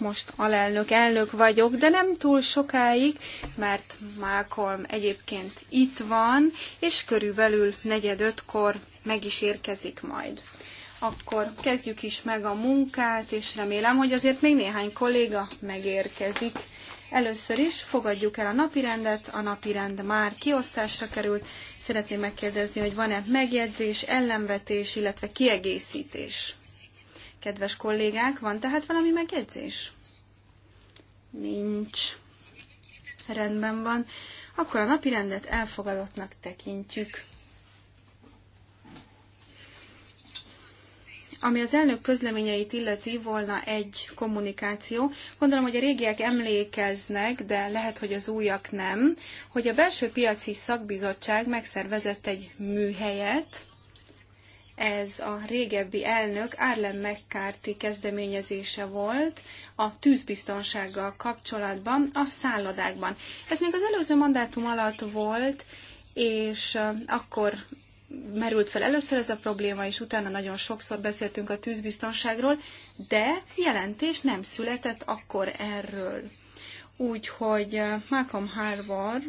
most alelnök, elnök vagyok, de nem túl sokáig, mert Malcolm egyébként itt van, és körülbelül negyed ötkor meg is érkezik majd. Akkor kezdjük is meg a munkát, és remélem, hogy azért még néhány kolléga megérkezik. Először is fogadjuk el a napirendet, a napirend már kiosztásra került. Szeretném megkérdezni, hogy van-e megjegyzés, ellenvetés, illetve kiegészítés. Kedves kollégák, van tehát valami megjegyzés? Nincs. Rendben van. Akkor a napi rendet elfogadottnak tekintjük. Ami az elnök közleményeit illeti, volna egy kommunikáció. Gondolom, hogy a régiek emlékeznek, de lehet, hogy az újak nem, hogy a belső piaci szakbizottság megszervezett egy műhelyet, ez a régebbi elnök Arlen McCarthy kezdeményezése volt a tűzbiztonsággal kapcsolatban a szállodákban. Ez még az előző mandátum alatt volt, és akkor merült fel először ez a probléma, és utána nagyon sokszor beszéltünk a tűzbiztonságról, de jelentés nem született akkor erről. Úgyhogy Malcolm Harvard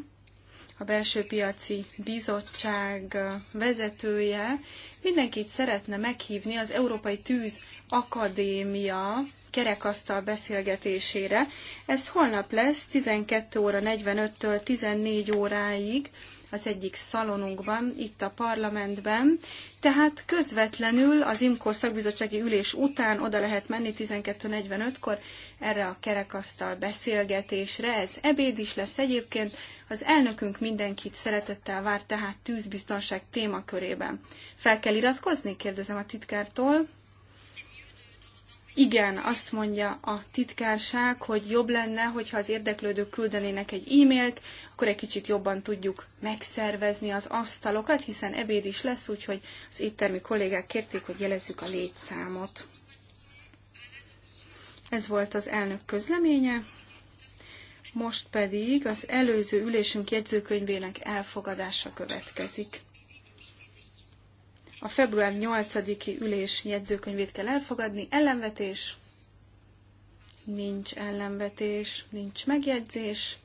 a belső piaci bizottság vezetője, mindenkit szeretne meghívni az Európai Tűz Akadémia kerekasztal beszélgetésére. Ez holnap lesz 12 óra 45-től 14 óráig az egyik szalonunkban, itt a parlamentben. Tehát közvetlenül az IMKO szakbizottsági ülés után oda lehet menni 12.45-kor erre a kerekasztal beszélgetésre. Ez ebéd is lesz egyébként. Az elnökünk mindenkit szeretettel vár, tehát tűzbiztonság témakörében. Fel kell iratkozni? Kérdezem a titkártól igen, azt mondja a titkárság, hogy jobb lenne, hogyha az érdeklődők küldenének egy e-mailt, akkor egy kicsit jobban tudjuk megszervezni az asztalokat, hiszen ebéd is lesz, úgyhogy az éttermi kollégák kérték, hogy jelezzük a létszámot. Ez volt az elnök közleménye. Most pedig az előző ülésünk jegyzőkönyvének elfogadása következik. A február 8-i ülés jegyzőkönyvét kell elfogadni. Ellenvetés? Nincs ellenvetés, nincs megjegyzés.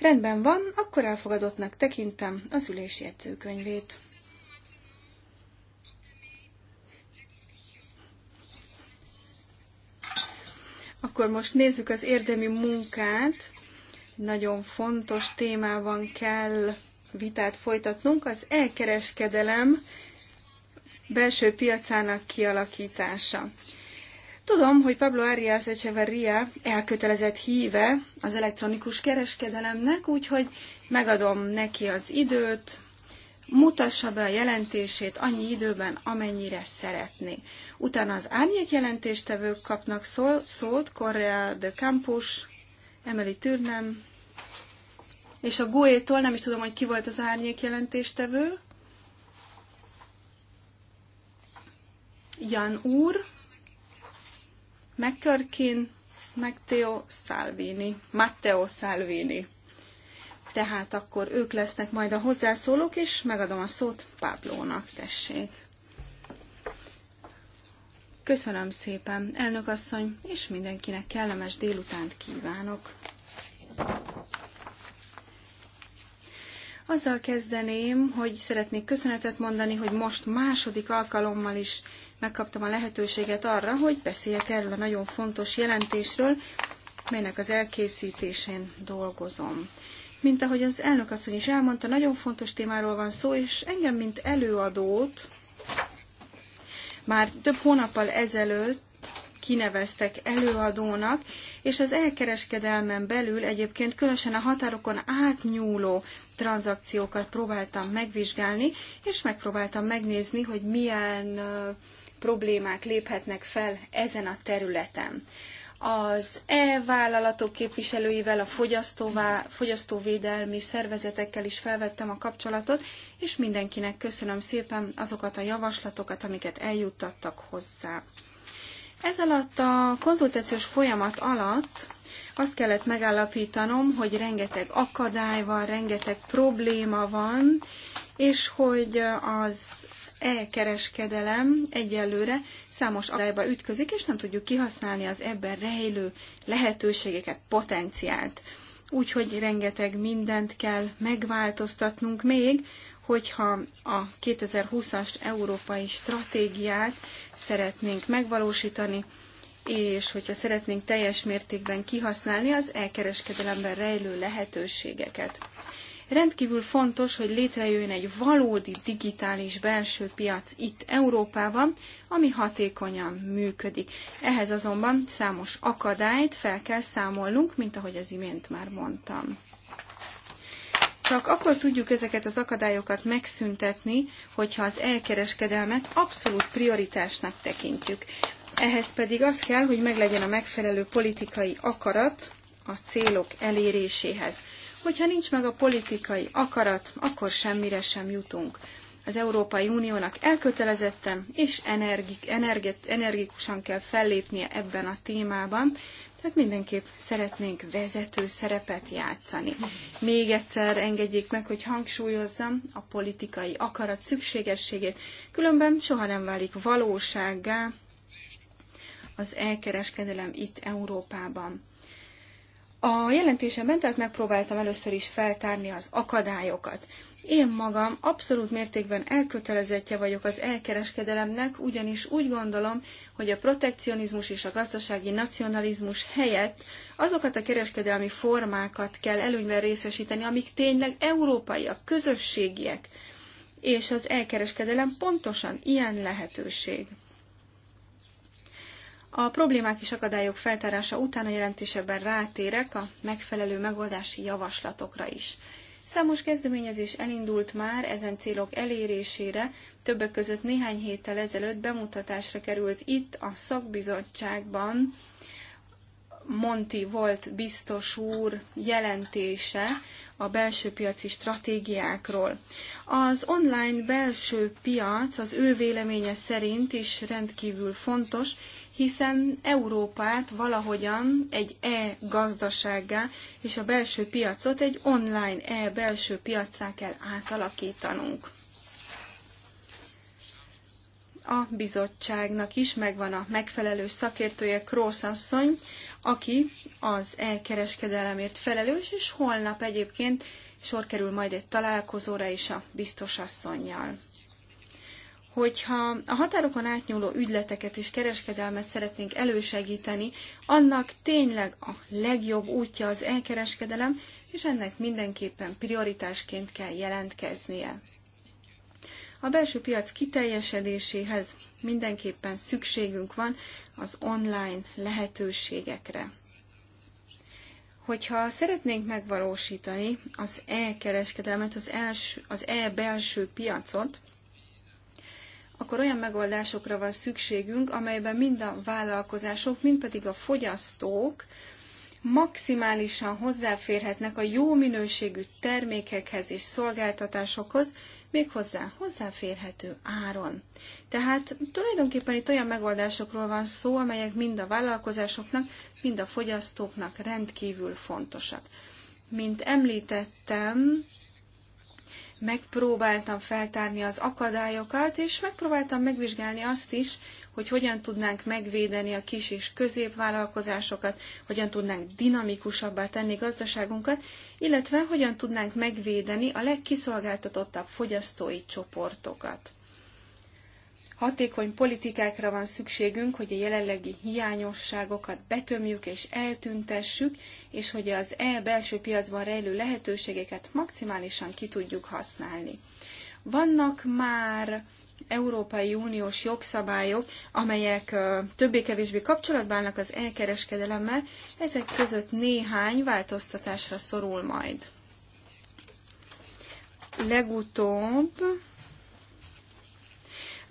Rendben van, akkor elfogadottnak tekintem az ülés jegyzőkönyvét. Akkor most nézzük az érdemi munkát. Nagyon fontos témában kell vitát folytatnunk, az elkereskedelem belső piacának kialakítása. Tudom, hogy Pablo Arias Echeverria elkötelezett híve az elektronikus kereskedelemnek, úgyhogy megadom neki az időt, mutassa be a jelentését annyi időben, amennyire szeretné. Utána az árnyék jelentéstevők kapnak szó, szót, Correa de Campus, Emily Türnem, és a goe nem is tudom, hogy ki volt az árnyék jelentéstevő. Jan úr, McCurkin, Matteo Salvini, Matteo Salvini. Tehát akkor ők lesznek majd a hozzászólók, és megadom a szót Páblónak, tessék. Köszönöm szépen, elnök asszony, és mindenkinek kellemes délutánt kívánok. Azzal kezdeném, hogy szeretnék köszönetet mondani, hogy most második alkalommal is megkaptam a lehetőséget arra, hogy beszéljek erről a nagyon fontos jelentésről, melynek az elkészítésén dolgozom. Mint ahogy az elnök asszony is elmondta, nagyon fontos témáról van szó, és engem, mint előadót, már több hónappal ezelőtt kineveztek előadónak, és az elkereskedelmen belül egyébként különösen a határokon átnyúló tranzakciókat próbáltam megvizsgálni, és megpróbáltam megnézni, hogy milyen problémák léphetnek fel ezen a területen az e-vállalatok képviselőivel, a fogyasztóvá, fogyasztóvédelmi szervezetekkel is felvettem a kapcsolatot, és mindenkinek köszönöm szépen azokat a javaslatokat, amiket eljuttattak hozzá. Ez alatt a konzultációs folyamat alatt azt kellett megállapítanom, hogy rengeteg akadály van, rengeteg probléma van, és hogy az e-kereskedelem egyelőre számos akadályba ütközik, és nem tudjuk kihasználni az ebben rejlő lehetőségeket, potenciált. Úgyhogy rengeteg mindent kell megváltoztatnunk még, hogyha a 2020-as európai stratégiát szeretnénk megvalósítani, és hogyha szeretnénk teljes mértékben kihasználni az elkereskedelemben rejlő lehetőségeket. Rendkívül fontos, hogy létrejöjjön egy valódi digitális belső piac itt Európában, ami hatékonyan működik. Ehhez azonban számos akadályt fel kell számolnunk, mint ahogy az imént már mondtam. Csak akkor tudjuk ezeket az akadályokat megszüntetni, hogyha az elkereskedelmet abszolút prioritásnak tekintjük. Ehhez pedig az kell, hogy meglegyen a megfelelő politikai akarat a célok eléréséhez. Hogyha nincs meg a politikai akarat, akkor semmire sem jutunk. Az Európai Uniónak elkötelezetten és energik, energet, energikusan kell fellépnie ebben a témában, hát mindenképp szeretnénk vezető szerepet játszani. Még egyszer engedjék meg, hogy hangsúlyozzam a politikai akarat szükségességét, különben soha nem válik valósággá az elkereskedelem itt Európában. A jelentésemben tehát megpróbáltam először is feltárni az akadályokat. Én magam abszolút mértékben elkötelezettje vagyok az elkereskedelemnek, ugyanis úgy gondolom, hogy a protekcionizmus és a gazdasági nacionalizmus helyett azokat a kereskedelmi formákat kell előnyben részesíteni, amik tényleg európaiak, közösségiek, és az elkereskedelem pontosan ilyen lehetőség. A problémák és akadályok feltárása után a jelentésében rátérek a megfelelő megoldási javaslatokra is. Számos kezdeményezés elindult már ezen célok elérésére, többek között néhány héttel ezelőtt bemutatásra került itt a szakbizottságban Monti volt biztos úr jelentése a belső piaci stratégiákról. Az online belső piac az ő véleménye szerint is rendkívül fontos, hiszen Európát valahogyan egy e-gazdasággá és a belső piacot egy online e-belső piacá kell átalakítanunk. A bizottságnak is megvan a megfelelő szakértője, Krósz asszony, aki az e-kereskedelemért felelős, és holnap egyébként sor kerül majd egy találkozóra is a biztos asszonynal hogyha a határokon átnyúló ügyleteket és kereskedelmet szeretnénk elősegíteni, annak tényleg a legjobb útja az elkereskedelem, és ennek mindenképpen prioritásként kell jelentkeznie. A belső piac kiteljesedéséhez mindenképpen szükségünk van az online lehetőségekre. Hogyha szeretnénk megvalósítani az e-kereskedelmet, az, első az e-belső piacot, akkor olyan megoldásokra van szükségünk, amelyben mind a vállalkozások, mind pedig a fogyasztók maximálisan hozzáférhetnek a jó minőségű termékekhez és szolgáltatásokhoz, méghozzá hozzáférhető áron. Tehát tulajdonképpen itt olyan megoldásokról van szó, amelyek mind a vállalkozásoknak, mind a fogyasztóknak rendkívül fontosak. Mint említettem, megpróbáltam feltárni az akadályokat, és megpróbáltam megvizsgálni azt is, hogy hogyan tudnánk megvédeni a kis és középvállalkozásokat, hogyan tudnánk dinamikusabbá tenni gazdaságunkat, illetve hogyan tudnánk megvédeni a legkiszolgáltatottabb fogyasztói csoportokat. Hatékony politikákra van szükségünk, hogy a jelenlegi hiányosságokat betömjük és eltüntessük, és hogy az E belső piacban rejlő lehetőségeket maximálisan ki tudjuk használni. Vannak már Európai Uniós jogszabályok, amelyek többé-kevésbé kapcsolatban állnak az elkereskedelemmel, ezek között néhány változtatásra szorul majd. Legutóbb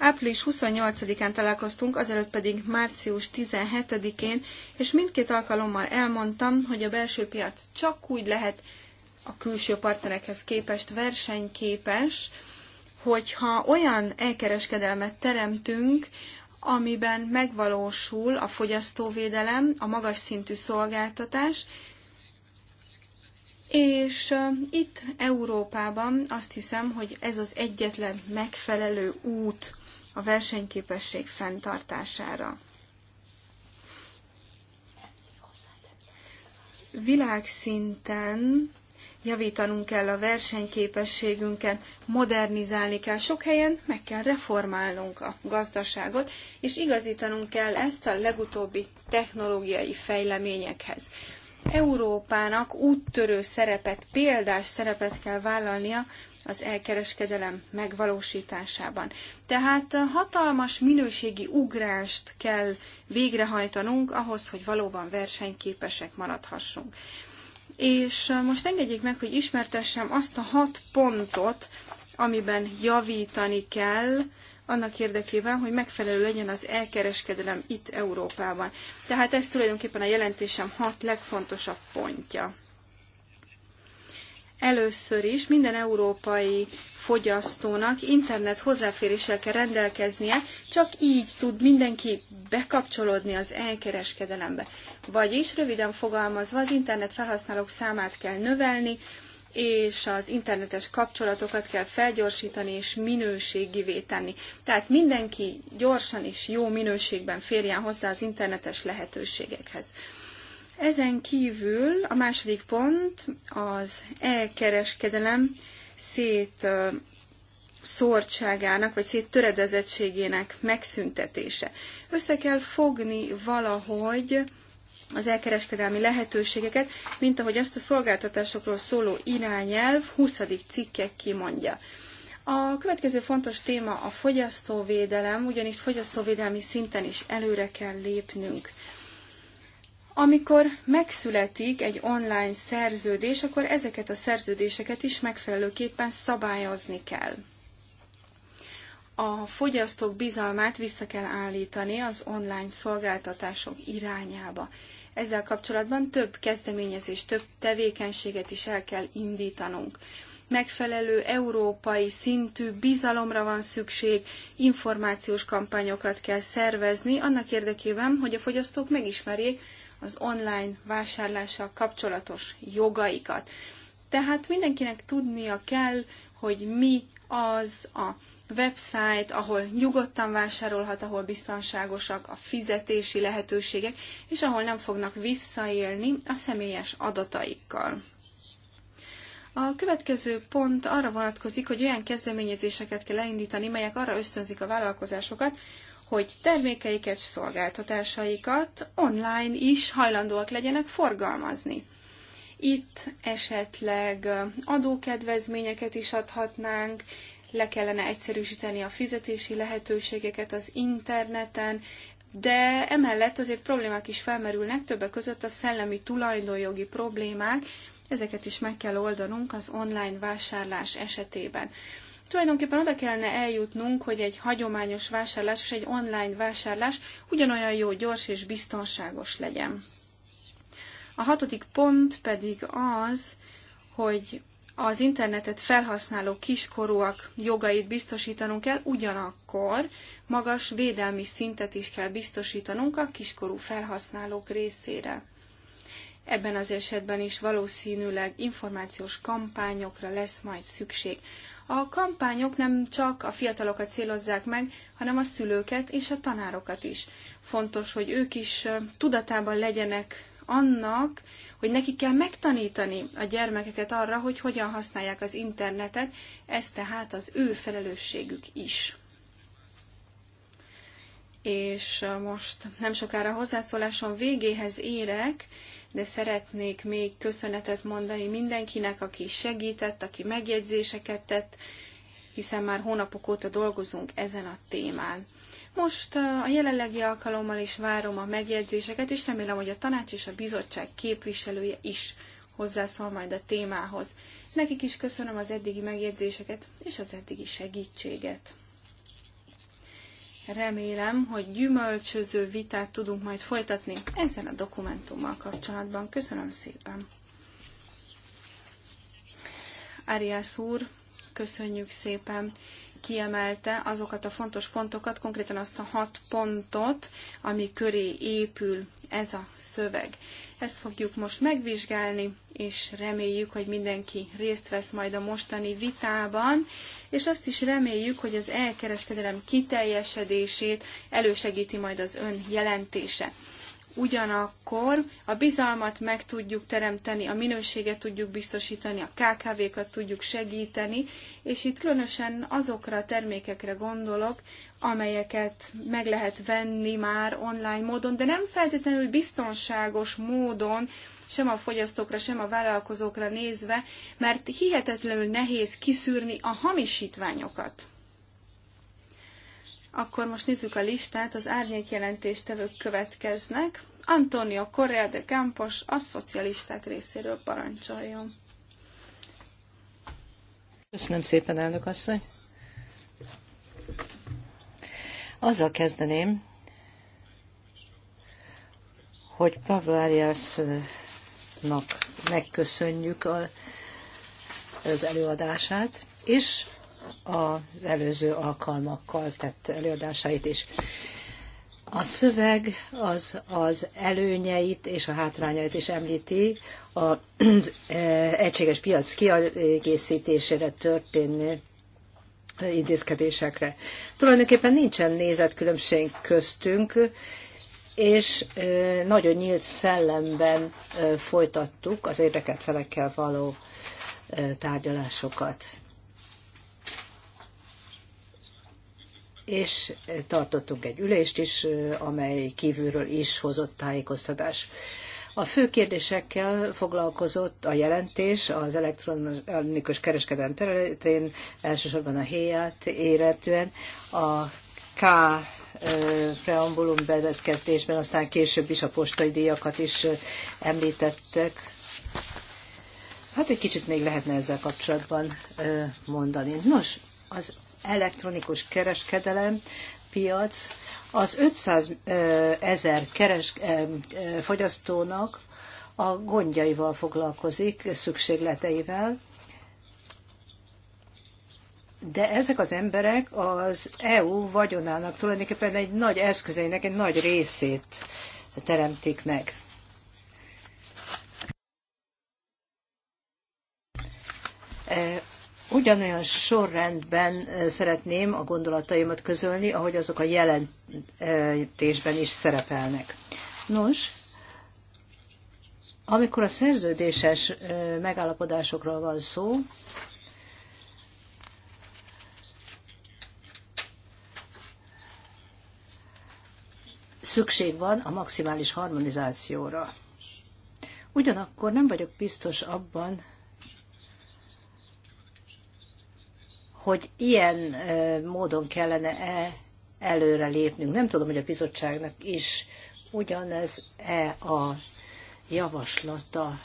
Április 28-án találkoztunk, azelőtt pedig március 17-én, és mindkét alkalommal elmondtam, hogy a belső piac csak úgy lehet a külső partnerekhez képest versenyképes, hogyha olyan elkereskedelmet teremtünk, amiben megvalósul a fogyasztóvédelem, a magas szintű szolgáltatás, és itt Európában azt hiszem, hogy ez az egyetlen megfelelő út a versenyképesség fenntartására. Világszinten javítanunk kell a versenyképességünket, modernizálni kell, sok helyen meg kell reformálnunk a gazdaságot, és igazítanunk kell ezt a legutóbbi technológiai fejleményekhez. Európának úttörő szerepet, példás szerepet kell vállalnia az elkereskedelem megvalósításában. Tehát hatalmas minőségi ugrást kell végrehajtanunk ahhoz, hogy valóban versenyképesek maradhassunk. És most engedjék meg, hogy ismertessem azt a hat pontot, amiben javítani kell annak érdekében, hogy megfelelő legyen az elkereskedelem itt Európában. Tehát ez tulajdonképpen a jelentésem hat legfontosabb pontja. Először is minden európai fogyasztónak internet hozzáféréssel kell rendelkeznie, csak így tud mindenki bekapcsolódni az elkereskedelembe. Vagyis, röviden fogalmazva, az internet felhasználók számát kell növelni, és az internetes kapcsolatokat kell felgyorsítani és minőségivé tenni. Tehát mindenki gyorsan és jó minőségben férjen hozzá az internetes lehetőségekhez. Ezen kívül a második pont az elkereskedelem szét szórtságának, vagy széttöredezettségének megszüntetése. Össze kell fogni valahogy az elkereskedelmi lehetőségeket, mint ahogy azt a szolgáltatásokról szóló irányelv 20. cikke kimondja. A következő fontos téma a fogyasztóvédelem, ugyanis fogyasztóvédelmi szinten is előre kell lépnünk. Amikor megszületik egy online szerződés, akkor ezeket a szerződéseket is megfelelőképpen szabályozni kell a fogyasztók bizalmát vissza kell állítani az online szolgáltatások irányába. Ezzel kapcsolatban több kezdeményezés, több tevékenységet is el kell indítanunk. Megfelelő európai szintű bizalomra van szükség, információs kampányokat kell szervezni, annak érdekében, hogy a fogyasztók megismerjék az online vásárlással kapcsolatos jogaikat. Tehát mindenkinek tudnia kell, hogy mi az a website, ahol nyugodtan vásárolhat, ahol biztonságosak a fizetési lehetőségek, és ahol nem fognak visszaélni a személyes adataikkal. A következő pont arra vonatkozik, hogy olyan kezdeményezéseket kell elindítani, melyek arra ösztönzik a vállalkozásokat, hogy termékeiket, szolgáltatásaikat online is hajlandóak legyenek forgalmazni. Itt esetleg adókedvezményeket is adhatnánk, le kellene egyszerűsíteni a fizetési lehetőségeket az interneten, de emellett azért problémák is felmerülnek, többek között a szellemi tulajdonjogi problémák, ezeket is meg kell oldanunk az online vásárlás esetében. Tulajdonképpen oda kellene eljutnunk, hogy egy hagyományos vásárlás és egy online vásárlás ugyanolyan jó, gyors és biztonságos legyen. A hatodik pont pedig az, hogy az internetet felhasználó kiskorúak jogait biztosítanunk kell, ugyanakkor magas védelmi szintet is kell biztosítanunk a kiskorú felhasználók részére. Ebben az esetben is valószínűleg információs kampányokra lesz majd szükség. A kampányok nem csak a fiatalokat célozzák meg, hanem a szülőket és a tanárokat is. Fontos, hogy ők is tudatában legyenek annak, hogy nekik kell megtanítani a gyermekeket arra, hogy hogyan használják az internetet, ez tehát az ő felelősségük is. És most nem sokára hozzászólásom végéhez érek, de szeretnék még köszönetet mondani mindenkinek, aki segített, aki megjegyzéseket tett, hiszen már hónapok óta dolgozunk ezen a témán. Most a jelenlegi alkalommal is várom a megjegyzéseket, és remélem, hogy a tanács és a bizottság képviselője is hozzászól majd a témához. Nekik is köszönöm az eddigi megjegyzéseket és az eddigi segítséget. Remélem, hogy gyümölcsöző vitát tudunk majd folytatni ezen a dokumentummal kapcsolatban. Köszönöm szépen! Ariász úr, köszönjük szépen! kiemelte azokat a fontos pontokat, konkrétan azt a hat pontot, ami köré épül ez a szöveg. Ezt fogjuk most megvizsgálni, és reméljük, hogy mindenki részt vesz majd a mostani vitában, és azt is reméljük, hogy az elkereskedelem kiteljesedését elősegíti majd az ön jelentése. Ugyanakkor a bizalmat meg tudjuk teremteni, a minőséget tudjuk biztosítani, a KKV-kat tudjuk segíteni, és itt különösen azokra a termékekre gondolok, amelyeket meg lehet venni már online módon, de nem feltétlenül biztonságos módon, sem a fogyasztókra, sem a vállalkozókra nézve, mert hihetetlenül nehéz kiszűrni a hamisítványokat. Akkor most nézzük a listát, az árnyék jelentéstevők következnek. Antonio Correa de Campos a szocialisták részéről parancsoljon. Köszönöm szépen, elnök asszony. Azzal kezdeném, hogy Pavlo Ariasnak megköszönjük a, az előadását, és az előző alkalmakkal tett előadásait is. A szöveg az, az előnyeit és a hátrányait is említi, az e, egységes piac kiegészítésére történő intézkedésekre. Tulajdonképpen nincsen nézetkülönbség köztünk, és e, nagyon nyílt szellemben e, folytattuk az érdekelt felekkel való tárgyalásokat. és eh, tartottunk egy ülést is, eh, amely kívülről is hozott tájékoztatás. A fő kérdésekkel foglalkozott a jelentés az elektronikus kereskedelem területén, elsősorban a héját e éretően, a K eh, preambulum bevezetkezésben, aztán később is a postai díjakat is említettek. Hát egy kicsit még lehetne ezzel kapcsolatban mondani. Nos, az elektronikus kereskedelem piac az 500 ezer keres, fogyasztónak a gondjaival foglalkozik, szükségleteivel, de ezek az emberek az EU vagyonának tulajdonképpen egy nagy eszközeinek egy nagy részét teremtik meg. Ugyanolyan sorrendben szeretném a gondolataimat közölni, ahogy azok a jelentésben is szerepelnek. Nos, amikor a szerződéses megállapodásokról van szó, szükség van a maximális harmonizációra. Ugyanakkor nem vagyok biztos abban, hogy ilyen módon kellene -e előre lépnünk. Nem tudom, hogy a bizottságnak is ugyanez-e a javaslata.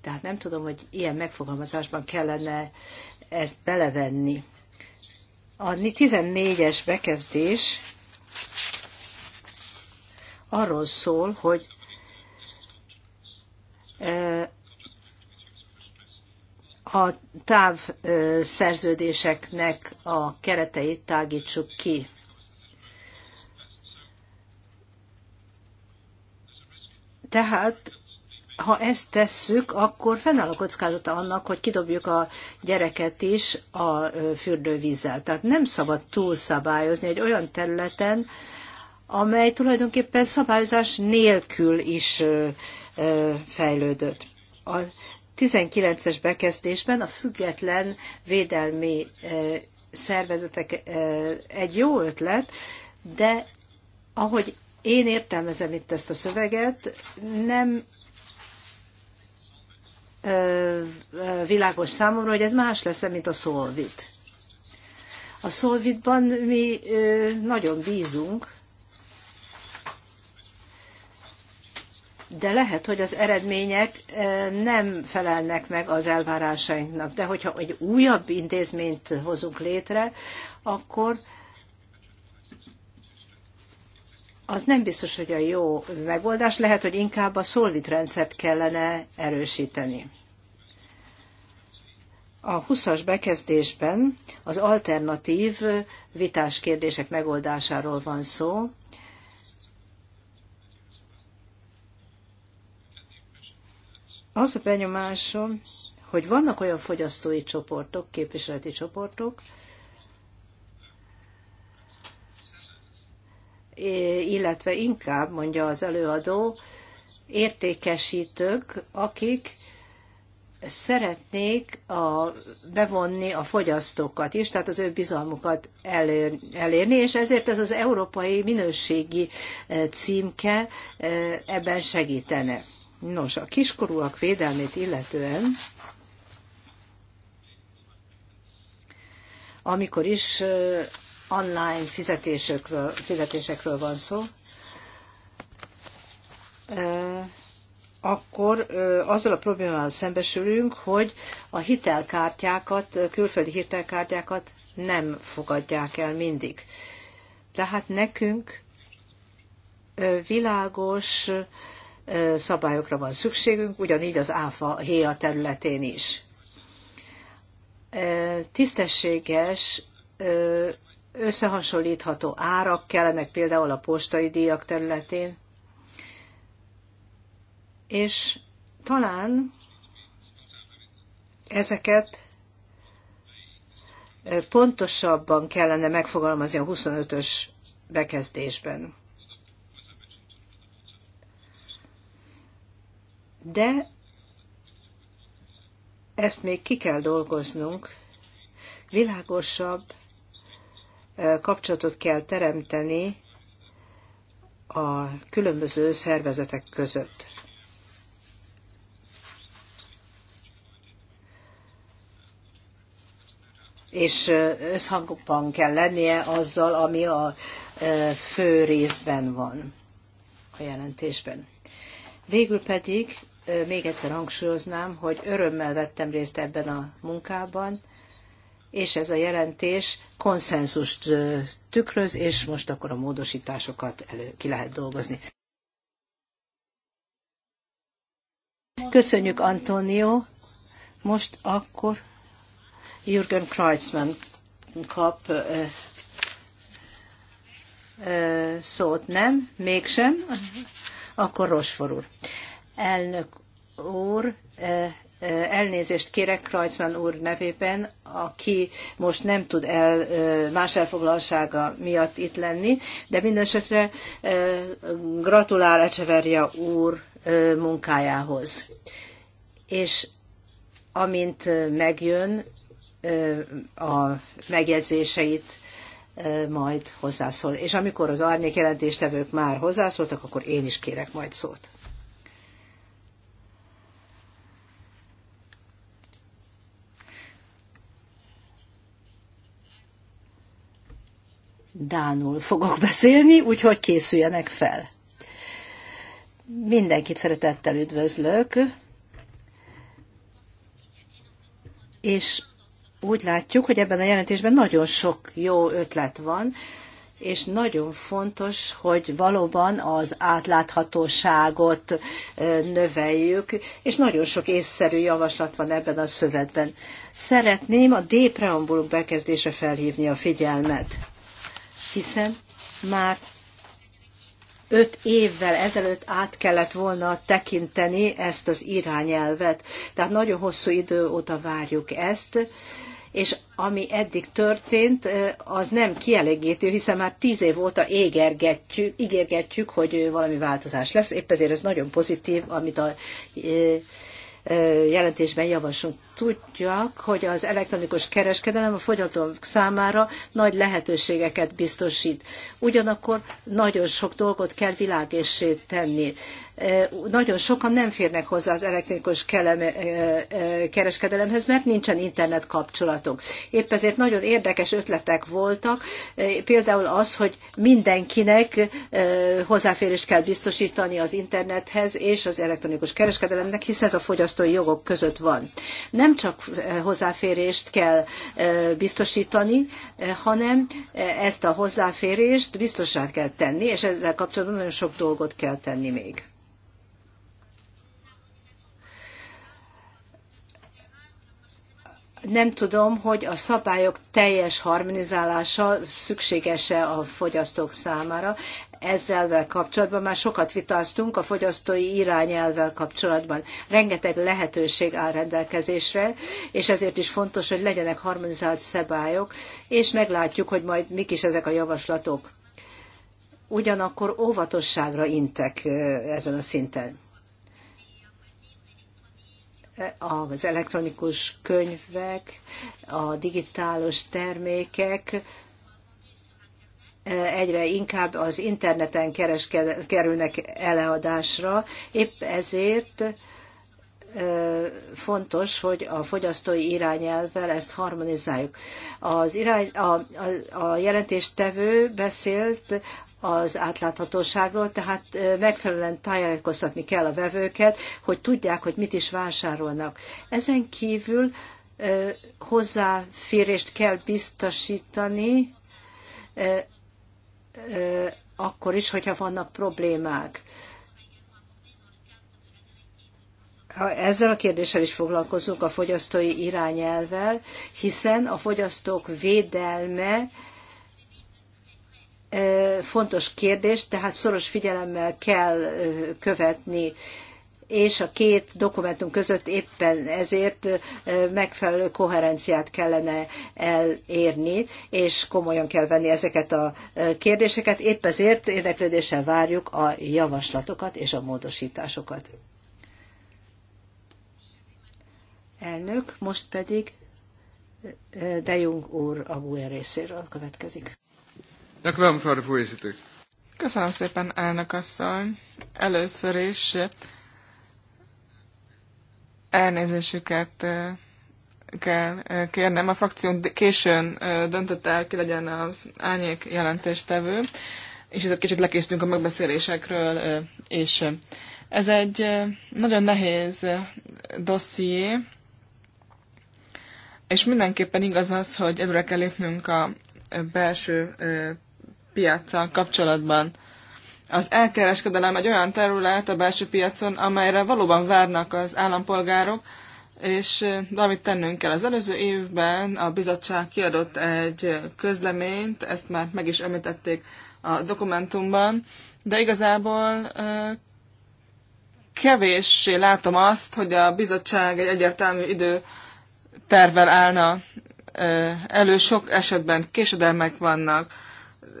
Tehát nem tudom, hogy ilyen megfogalmazásban kellene ezt belevenni. A 14-es bekezdés arról szól, hogy a távszerződéseknek a kereteit tágítsuk ki. Tehát, ha ezt tesszük, akkor fennáll a kockázata annak, hogy kidobjuk a gyereket is a fürdővízzel. Tehát nem szabad túlszabályozni egy olyan területen, amely tulajdonképpen szabályozás nélkül is fejlődött. A 19-es bekezdésben a független védelmi szervezetek egy jó ötlet, de ahogy én értelmezem itt ezt a szöveget, nem világos számomra, hogy ez más lesz, mint a Solvit. A Szolvitban mi nagyon bízunk, de lehet, hogy az eredmények nem felelnek meg az elvárásainknak. De hogyha egy újabb intézményt hozunk létre, akkor az nem biztos, hogy a jó megoldás. Lehet, hogy inkább a szolvit rendszert kellene erősíteni. A 20-as bekezdésben az alternatív vitás kérdések megoldásáról van szó, Az a benyomásom, hogy vannak olyan fogyasztói csoportok, képviseleti csoportok, illetve inkább, mondja az előadó, értékesítők, akik szeretnék a, bevonni a fogyasztókat is, tehát az ő bizalmukat elér, elérni, és ezért ez az európai minőségi e, címke e, ebben segítene. Nos, a kiskorúak védelmét illetően, amikor is online fizetésekről, fizetésekről van szó, akkor azzal a problémával szembesülünk, hogy a hitelkártyákat, külföldi hitelkártyákat nem fogadják el mindig. Tehát nekünk világos szabályokra van szükségünk, ugyanígy az áfa héja területén is. Tisztességes, összehasonlítható árak kellenek például a postai díjak területén, és talán ezeket pontosabban kellene megfogalmazni a 25-ös bekezdésben. de ezt még ki kell dolgoznunk, világosabb kapcsolatot kell teremteni a különböző szervezetek között. és összhangban kell lennie azzal, ami a fő részben van a jelentésben. Végül pedig még egyszer hangsúlyoznám, hogy örömmel vettem részt ebben a munkában, és ez a jelentés konszenzust tükröz, és most akkor a módosításokat elő ki lehet dolgozni. Köszönjük, Antonio. Most akkor Jürgen Kreutzmann kap ö, ö, szót, nem? Mégsem? Akkor Rosfor úr. Elnök úr, elnézést kérek Krajcman úr nevében, aki most nem tud el más elfoglaltsága miatt itt lenni, de mindesetre gratulál Ecseverja úr munkájához. És amint megjön, a megjegyzéseit majd hozzászól. És amikor az árnyék jelentéstevők már hozzászóltak, akkor én is kérek majd szót. Dánul fogok beszélni, úgyhogy készüljenek fel. Mindenkit szeretettel üdvözlök, és úgy látjuk, hogy ebben a jelentésben nagyon sok jó ötlet van, és nagyon fontos, hogy valóban az átláthatóságot növeljük, és nagyon sok észszerű javaslat van ebben a szövetben. Szeretném a D preambulum bekezdése felhívni a figyelmet hiszen már öt évvel ezelőtt át kellett volna tekinteni ezt az irányelvet. Tehát nagyon hosszú idő óta várjuk ezt, és ami eddig történt, az nem kielégítő, hiszen már tíz év óta égergetjük, ígérgetjük, hogy valami változás lesz. Épp ezért ez nagyon pozitív, amit a jelentésben javaslunk. Tudják, hogy az elektronikus kereskedelem a fogyatók számára nagy lehetőségeket biztosít. Ugyanakkor nagyon sok dolgot kell világéssé tenni nagyon sokan nem férnek hozzá az elektronikus kereskedelemhez, mert nincsen internet kapcsolatunk. Épp ezért nagyon érdekes ötletek voltak, például az, hogy mindenkinek hozzáférést kell biztosítani az internethez és az elektronikus kereskedelemnek, hiszen ez a fogyasztói jogok között van. Nem csak hozzáférést kell biztosítani, hanem ezt a hozzáférést biztosá kell tenni, és ezzel kapcsolatban nagyon sok dolgot kell tenni még. nem tudom, hogy a szabályok teljes harmonizálása szükséges-e a fogyasztók számára. Ezzel kapcsolatban már sokat vitáztunk a fogyasztói irányelvvel kapcsolatban. Rengeteg lehetőség áll rendelkezésre, és ezért is fontos, hogy legyenek harmonizált szabályok, és meglátjuk, hogy majd mik is ezek a javaslatok. Ugyanakkor óvatosságra intek ezen a szinten az elektronikus könyvek, a digitálos termékek egyre inkább az interneten kerülnek eleadásra. Épp ezért fontos, hogy a fogyasztói irányelvvel ezt harmonizáljuk. Az irány, a, a, a jelentéstevő beszélt az átláthatóságról, tehát megfelelően tájékoztatni kell a vevőket, hogy tudják, hogy mit is vásárolnak. Ezen kívül hozzáférést kell biztosítani akkor is, hogyha vannak problémák. Ezzel a kérdéssel is foglalkozunk a fogyasztói irányelvel, hiszen a fogyasztók védelme fontos kérdés, tehát szoros figyelemmel kell követni és a két dokumentum között éppen ezért megfelelő koherenciát kellene elérni, és komolyan kell venni ezeket a kérdéseket. Épp ezért érdeklődéssel várjuk a javaslatokat és a módosításokat. Elnök, most pedig De Jung úr a Bújer részéről következik. Köszönöm szépen, elnök asszony. Először is eh, elnézésüket eh, kell eh, kérnem. A frakció későn döntött el, ki legyen az ányék jelentéstevő, és ezért kicsit lekésztünk a megbeszélésekről, és ez egy nagyon nehéz dosszié, és mindenképpen igaz az, hogy előre kell lépnünk a belső piaccal kapcsolatban. Az elkereskedelem egy olyan terület a belső piacon, amelyre valóban várnak az állampolgárok, és de amit tennünk kell, az előző évben a bizottság kiadott egy közleményt, ezt már meg is említették a dokumentumban, de igazából kevéssé látom azt, hogy a bizottság egy egyértelmű idő tervel állna elő, sok esetben késedelmek vannak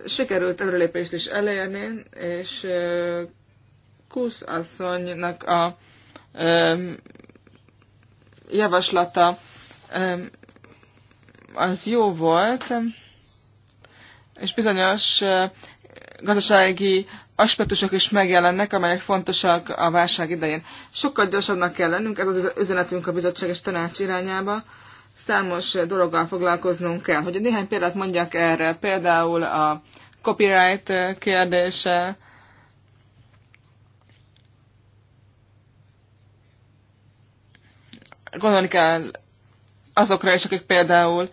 sikerült előlépést is elérni, és Kusz asszonynak a javaslata az jó volt, és bizonyos gazdasági aspektusok is megjelennek, amelyek fontosak a válság idején. Sokkal gyorsabbnak kell lennünk, ez az üzenetünk a bizottság és tanács irányába, számos dologgal foglalkoznunk kell. Hogy néhány példát mondjak erre, például a copyright kérdése, gondolni kell azokra is, akik például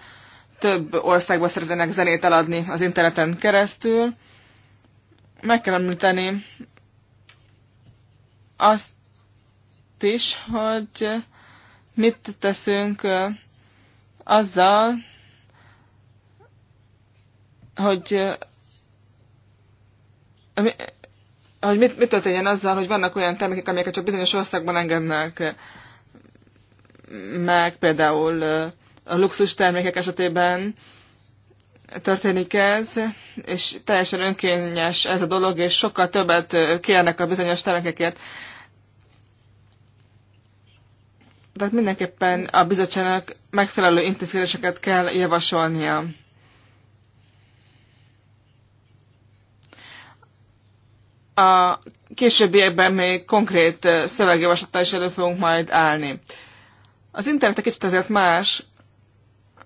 több országban szeretnének zenét eladni az interneten keresztül. Meg kell említeni azt is, hogy mit teszünk azzal, hogy hogy mit, mit történjen azzal, hogy vannak olyan termékek, amelyeket csak bizonyos országban engednek meg, például a luxus termékek esetében történik ez, és teljesen önkényes ez a dolog, és sokkal többet kérnek a bizonyos termékekért tehát mindenképpen a bizottságnak megfelelő intézkedéseket kell javasolnia. A későbbiekben még konkrét szövegjavaslattal is elő fogunk majd állni. Az internet egy kicsit azért más,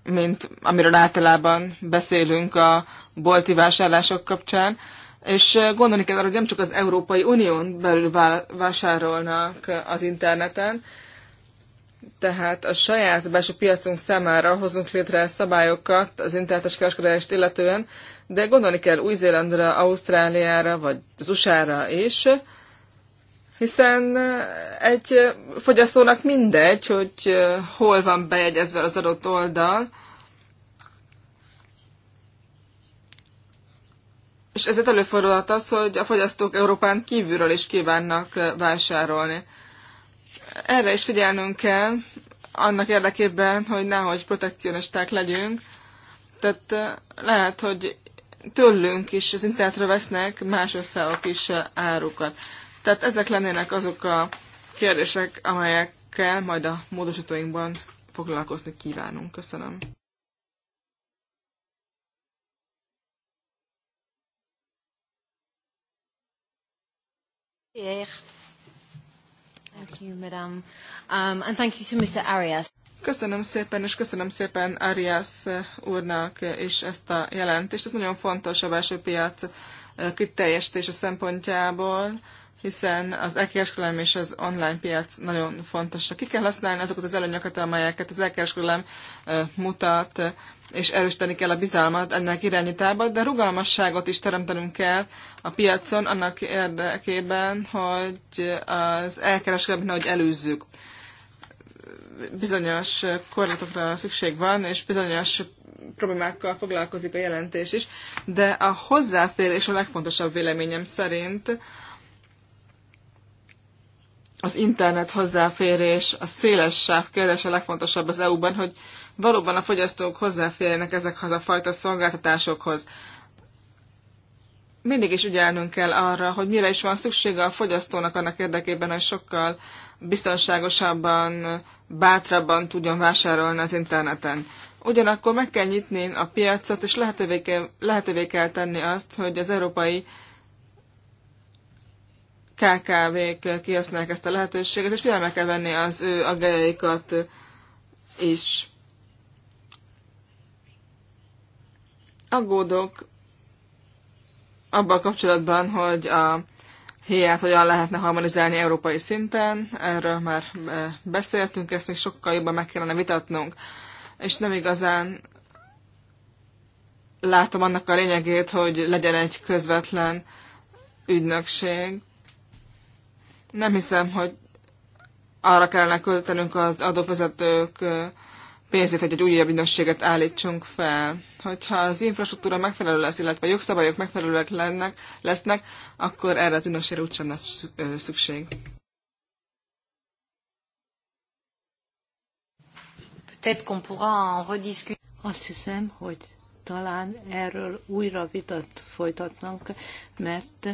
mint amiről általában beszélünk a bolti vásárlások kapcsán, és gondolni kell arra, hogy nem csak az Európai Unión belül vásárolnak az interneten, tehát a saját belső piacunk számára hozunk létre szabályokat az internetes kereskedést illetően, de gondolni kell Új-Zélandra, Ausztráliára, vagy az USA-ra is, hiszen egy fogyasztónak mindegy, hogy hol van bejegyezve az adott oldal, és ezért előfordulhat az, hogy a fogyasztók Európán kívülről is kívánnak vásárolni erre is figyelnünk kell, annak érdekében, hogy nehogy protekcionisták legyünk. Tehát eh, lehet, hogy tőlünk is az internetről vesznek más összeok is eh, árukat. Tehát ezek lennének azok a kérdések, amelyekkel majd a módosítóinkban foglalkozni kívánunk. Köszönöm. Yeah. Um, köszönöm szépen, és köszönöm szépen Arias úrnak is ezt a jelentést. Ez nagyon fontos a belső piac kiteljesítése szempontjából, hiszen az elkereskedelem és az online piac nagyon fontos. Ki kell használni azokat az előnyöket, amelyeket az elkereskedelem mutat és erősíteni kell a bizalmat ennek irányítába, de rugalmasságot is teremtenünk kell a piacon annak érdekében, hogy az elkereskedelmet hogy előzzük. Bizonyos korlátokra szükség van, és bizonyos problémákkal foglalkozik a jelentés is, de a hozzáférés a legfontosabb véleményem szerint az internet hozzáférés, a széles sáv kérdés a legfontosabb az EU-ban, hogy valóban a fogyasztók hozzáférnek ezekhez a fajta szolgáltatásokhoz. Mindig is ügyelnünk kell arra, hogy mire is van szüksége a fogyasztónak annak érdekében, hogy sokkal biztonságosabban, bátrabban tudjon vásárolni az interneten. Ugyanakkor meg kell nyitni a piacot, és lehetővé kell, lehetővé kell tenni azt, hogy az európai KKV-k kihasználják ezt a lehetőséget, és figyelme kell venni az ő aggájaikat is. Aggódok abban a kapcsolatban, hogy a hiát hogyan lehetne harmonizálni európai szinten, erről már e, beszéltünk, ezt még sokkal jobban meg kellene vitatnunk, és nem igazán látom annak a lényegét, hogy legyen egy közvetlen ügynökség. Nem hiszem, hogy arra kellene költenünk az adófizetők e, pénzét, hogy egy újabb minőséget állítsunk fel. Hogyha az infrastruktúra megfelelő lesz, illetve a jogszabályok megfelelőek lennek, lesznek, akkor erre az ügynökségre úgysem lesz szükség. Azt hiszem, hogy talán erről újra vitat folytatnánk, mert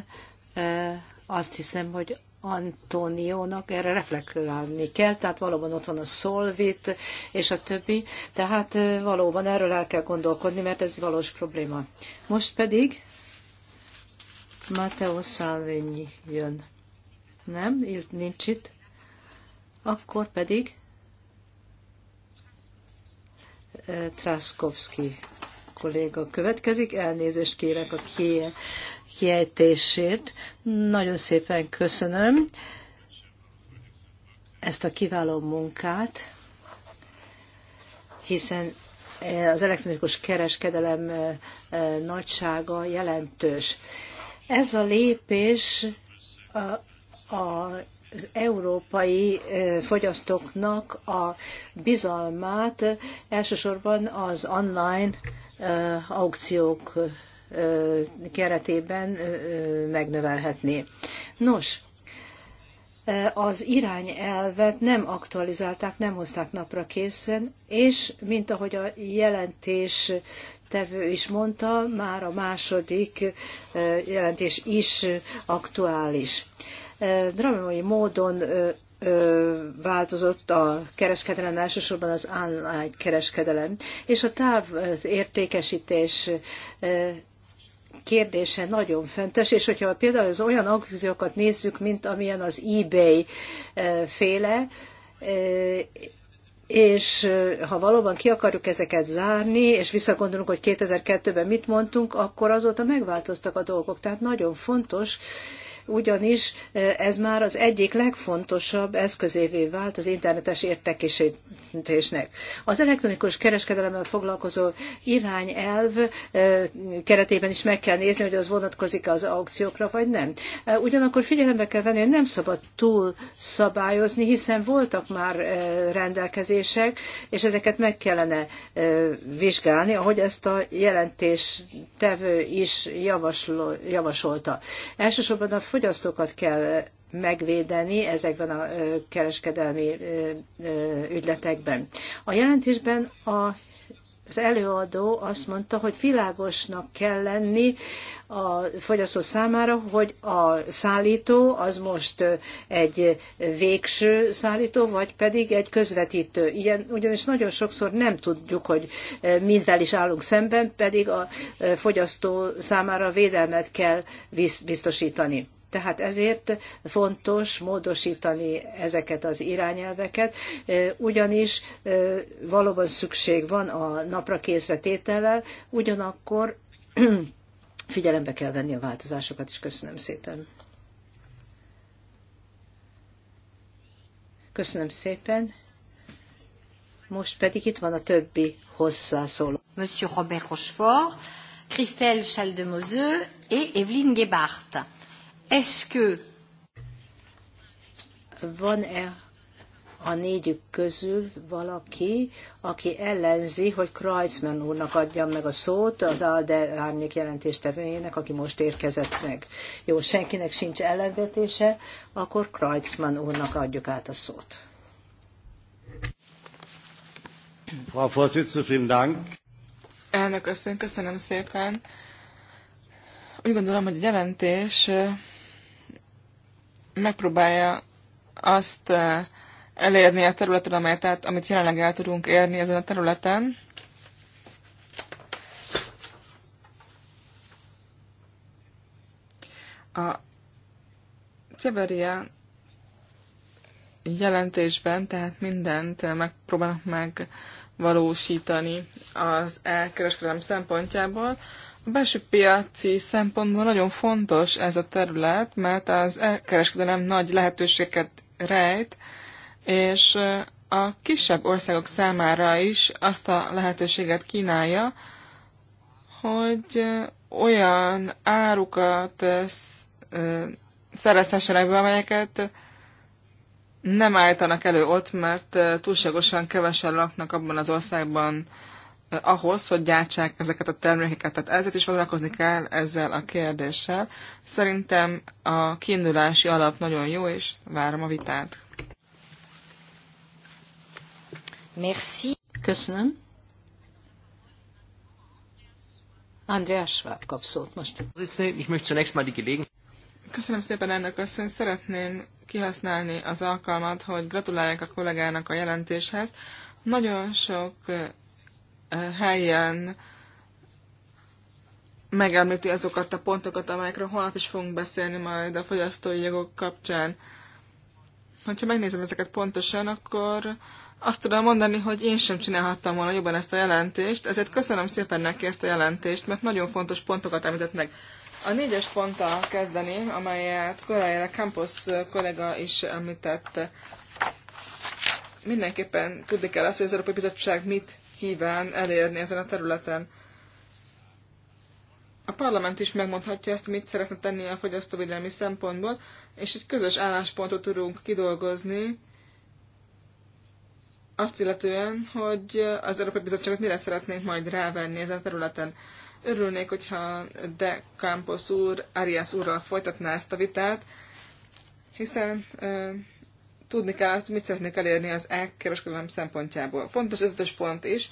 azt hiszem, hogy Antoniónak erre reflektálni kell, tehát valóban ott van a Solvit és a többi, tehát valóban erről el kell gondolkodni, mert ez valós probléma. Most pedig Matteo Salvini jön. Nem? Nincs itt. Akkor pedig Traskowski kolléga következik. Elnézést kérek a kie kiejtését. Nagyon szépen köszönöm ezt a kiváló munkát, hiszen eh, az elektronikus kereskedelem eh, eh, nagysága jelentős. Ez a lépés az európai fogyasztóknak a bizalmát elsősorban az online aukciók keretében megnövelhetné. Nos, az irányelvet nem aktualizálták, nem hozták napra készen, és mint ahogy a jelentés tevő is mondta, már a második jelentés is aktuális. Dramai módon változott a kereskedelem, elsősorban az online kereskedelem, és a távértékesítés kérdése nagyon fontos, és hogyha például az olyan aukciókat nézzük, mint amilyen az eBay eh, féle, eh, és eh, ha valóban ki akarjuk ezeket zárni, és visszagondolunk, hogy 2002-ben mit mondtunk, akkor azóta megváltoztak a dolgok. Tehát nagyon fontos, ugyanis ez már az egyik legfontosabb eszközévé vált az internetes értekésítésnek. Az elektronikus kereskedelemmel foglalkozó irányelv keretében is meg kell nézni, hogy az vonatkozik az aukciókra, vagy nem. Ugyanakkor figyelembe kell venni, hogy nem szabad túl szabályozni, hiszen voltak már rendelkezések, és ezeket meg kellene vizsgálni, ahogy ezt a jelentés tevő is javasol, javasolta. Elsősorban a fogyasztókat kell megvédeni ezekben a kereskedelmi ügyletekben. A jelentésben a az előadó azt mondta, hogy világosnak kell lenni a fogyasztó számára, hogy a szállító az most egy végső szállító, vagy pedig egy közvetítő. Ilyen, ugyanis nagyon sokszor nem tudjuk, hogy mivel is állunk szemben, pedig a fogyasztó számára védelmet kell biztosítani. Tehát ezért fontos módosítani ezeket az irányelveket, ugyanis valóban szükség van a napra készre tétellel, ugyanakkor figyelembe kell venni a változásokat is. Köszönöm szépen. Köszönöm szépen. Most pedig itt van a többi hozzászóló. Monsieur Robert Rochefort, Christelle Chaldemoseux és Evelyne Gebhardt. Est-ce que van-e a négyük közül valaki, aki ellenzi, hogy Kreuzmann úrnak adjam meg a szót, az ALDE árnyék jelentéstevőjének, aki most érkezett meg. Jó, senkinek sincs ellenvetése, akkor Kreuzmann úrnak adjuk át a szót. Frau Vorsitzende, vielen Dank. Elnök asszony, köszönöm szépen. Úgy gondolom, hogy a jelentés megpróbálja azt eh, elérni a területen, amelyet, tehát, amit jelenleg el tudunk érni ezen a területen. A Cseveria jelentésben, tehát mindent eh, megpróbálnak megvalósítani az elkereskedelem szempontjából belső piaci szempontból nagyon fontos ez a terület, mert az elkereskedelem nagy lehetőséget rejt, és a kisebb országok számára is azt a lehetőséget kínálja, hogy olyan árukat szerezhessenek be, amelyeket nem állítanak elő ott, mert túlságosan kevesen laknak abban az országban, ahhoz, hogy gyártsák ezeket a termékeket. Tehát ezért is foglalkozni kell ezzel a kérdéssel. Szerintem a kiindulási alap nagyon jó, és várom a vitát. Merci. Köszönöm. Andreas Schwab kap szót most. Köszönöm szépen ennek asszony. Szeretném kihasználni az alkalmat, hogy gratuláljak a kollégának a jelentéshez. Nagyon sok helyen megemlíti azokat a pontokat, amelyekről holnap is fogunk beszélni majd a fogyasztói jogok kapcsán. Hogyha megnézem ezeket pontosan, akkor azt tudom mondani, hogy én sem csinálhattam volna jobban ezt a jelentést, ezért köszönöm szépen neki ezt a jelentést, mert nagyon fontos pontokat említett meg. A négyes ponttal kezdeném, amelyet korábban Campos kollega is említett. Mindenképpen tudni kell azt, hogy az Európai Bizottság mit kíván elérni ezen a területen. A parlament is megmondhatja azt, mit szeretne tenni a fogyasztóvédelmi szempontból, és egy közös álláspontot tudunk kidolgozni, azt illetően, hogy az Európai Bizottságot mire szeretnénk majd rávenni ezen a területen. Örülnék, hogyha De Campos úr, Arias úrral folytatná ezt a vitát, hiszen tudni kell azt, mit szeretnék elérni az e-kereskedelem szempontjából. Fontos ez ötös pont is,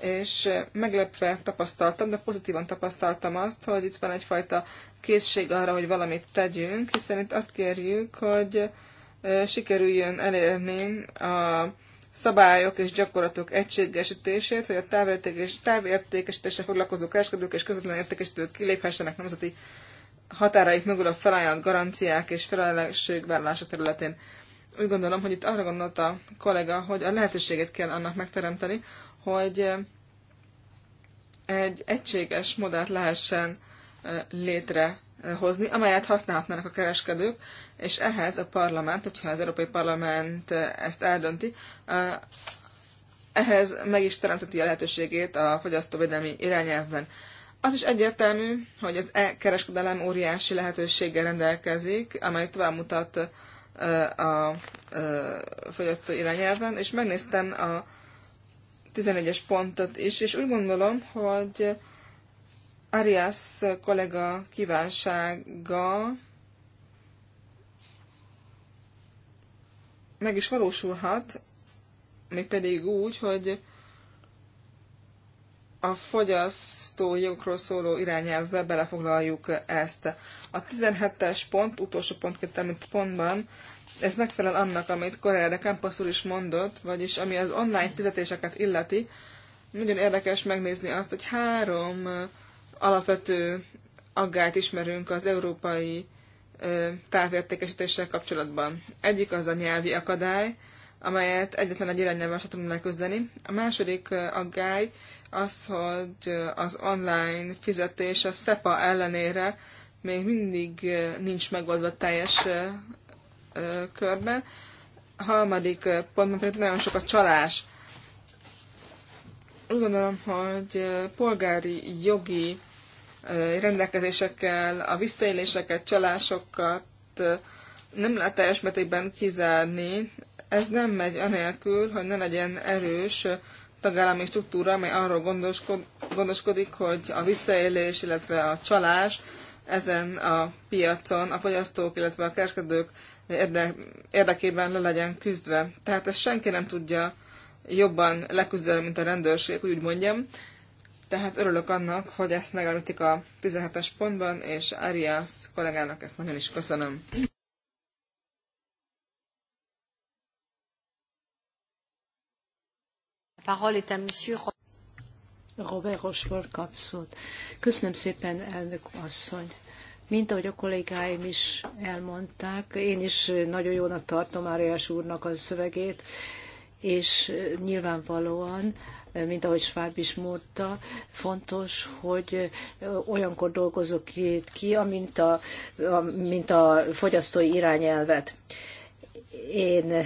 és meglepve tapasztaltam, de pozitívan tapasztaltam azt, hogy itt van egyfajta készség arra, hogy valamit tegyünk, hiszen itt azt kérjük, hogy sikerüljön elérni a szabályok és gyakorlatok egységesítését, hogy a távértékes, távértékesítéssel foglalkozó kereskedők és közvetlen értékesítők kiléphessenek nemzeti határaik mögül a felajánlott garanciák és felelősségvállása területén úgy gondolom, hogy itt arra gondolta a kollega, hogy a lehetőséget kell annak megteremteni, hogy eh, egy egységes modellt lehessen eh, létrehozni, eh, amelyet használhatnának a kereskedők, és ehhez a parlament, hogyha az Európai Parlament ezt eldönti, ehhez meg is teremteti a lehetőségét a fogyasztóvédelmi irányelvben. Az is egyértelmű, hogy az e-kereskedelem óriási lehetőséggel rendelkezik, amely tovább mutat a fogyasztó irányelven, és megnéztem a 11-es pontot is, és úgy gondolom, hogy Arias kollega kívánsága meg is valósulhat, mégpedig úgy, hogy a fogyasztó jogokról szóló irányelvbe belefoglaljuk ezt. A 17-es pont, utolsó pontként említett pontban, ez megfelel annak, amit Correa de Campos úr is mondott, vagyis ami az online fizetéseket illeti, nagyon érdekes megnézni azt, hogy három alapvető aggályt ismerünk az európai távértékesítéssel kapcsolatban. Egyik az a nyelvi akadály, amelyet egyetlen egy irányelvvel sem tudunk leküzdeni. A második aggály az, hogy az online fizetés a SEPA ellenére még mindig nincs megoldva teljes körben. A harmadik pontban pedig nagyon sok a csalás. Úgy gondolom, hogy polgári jogi rendelkezésekkel, a visszaéléseket, csalásokat nem lehet teljes mértékben kizárni. Ez nem megy anélkül, hogy ne legyen erős tagállami struktúra, amely arról gondoskod, gondoskodik, hogy a visszaélés, illetve a csalás ezen a piacon a fogyasztók, illetve a kereskedők érde, érdekében le legyen küzdve. Tehát ezt senki nem tudja jobban leküzdeni, mint a rendőrség, úgy mondjam. Tehát örülök annak, hogy ezt megállítik a 17-es pontban, és Arias kollégának ezt nagyon is köszönöm. parole est à monsieur Robert Rochefort kap Köszönöm szépen, elnök asszony. Mint ahogy a kollégáim is elmondták, én is nagyon jónak tartom Áriás úrnak a szövegét, és nyilvánvalóan mint ahogy Schwab is mondta, fontos, hogy olyankor dolgozok ki, amint a, mint a fogyasztói irányelvet. Én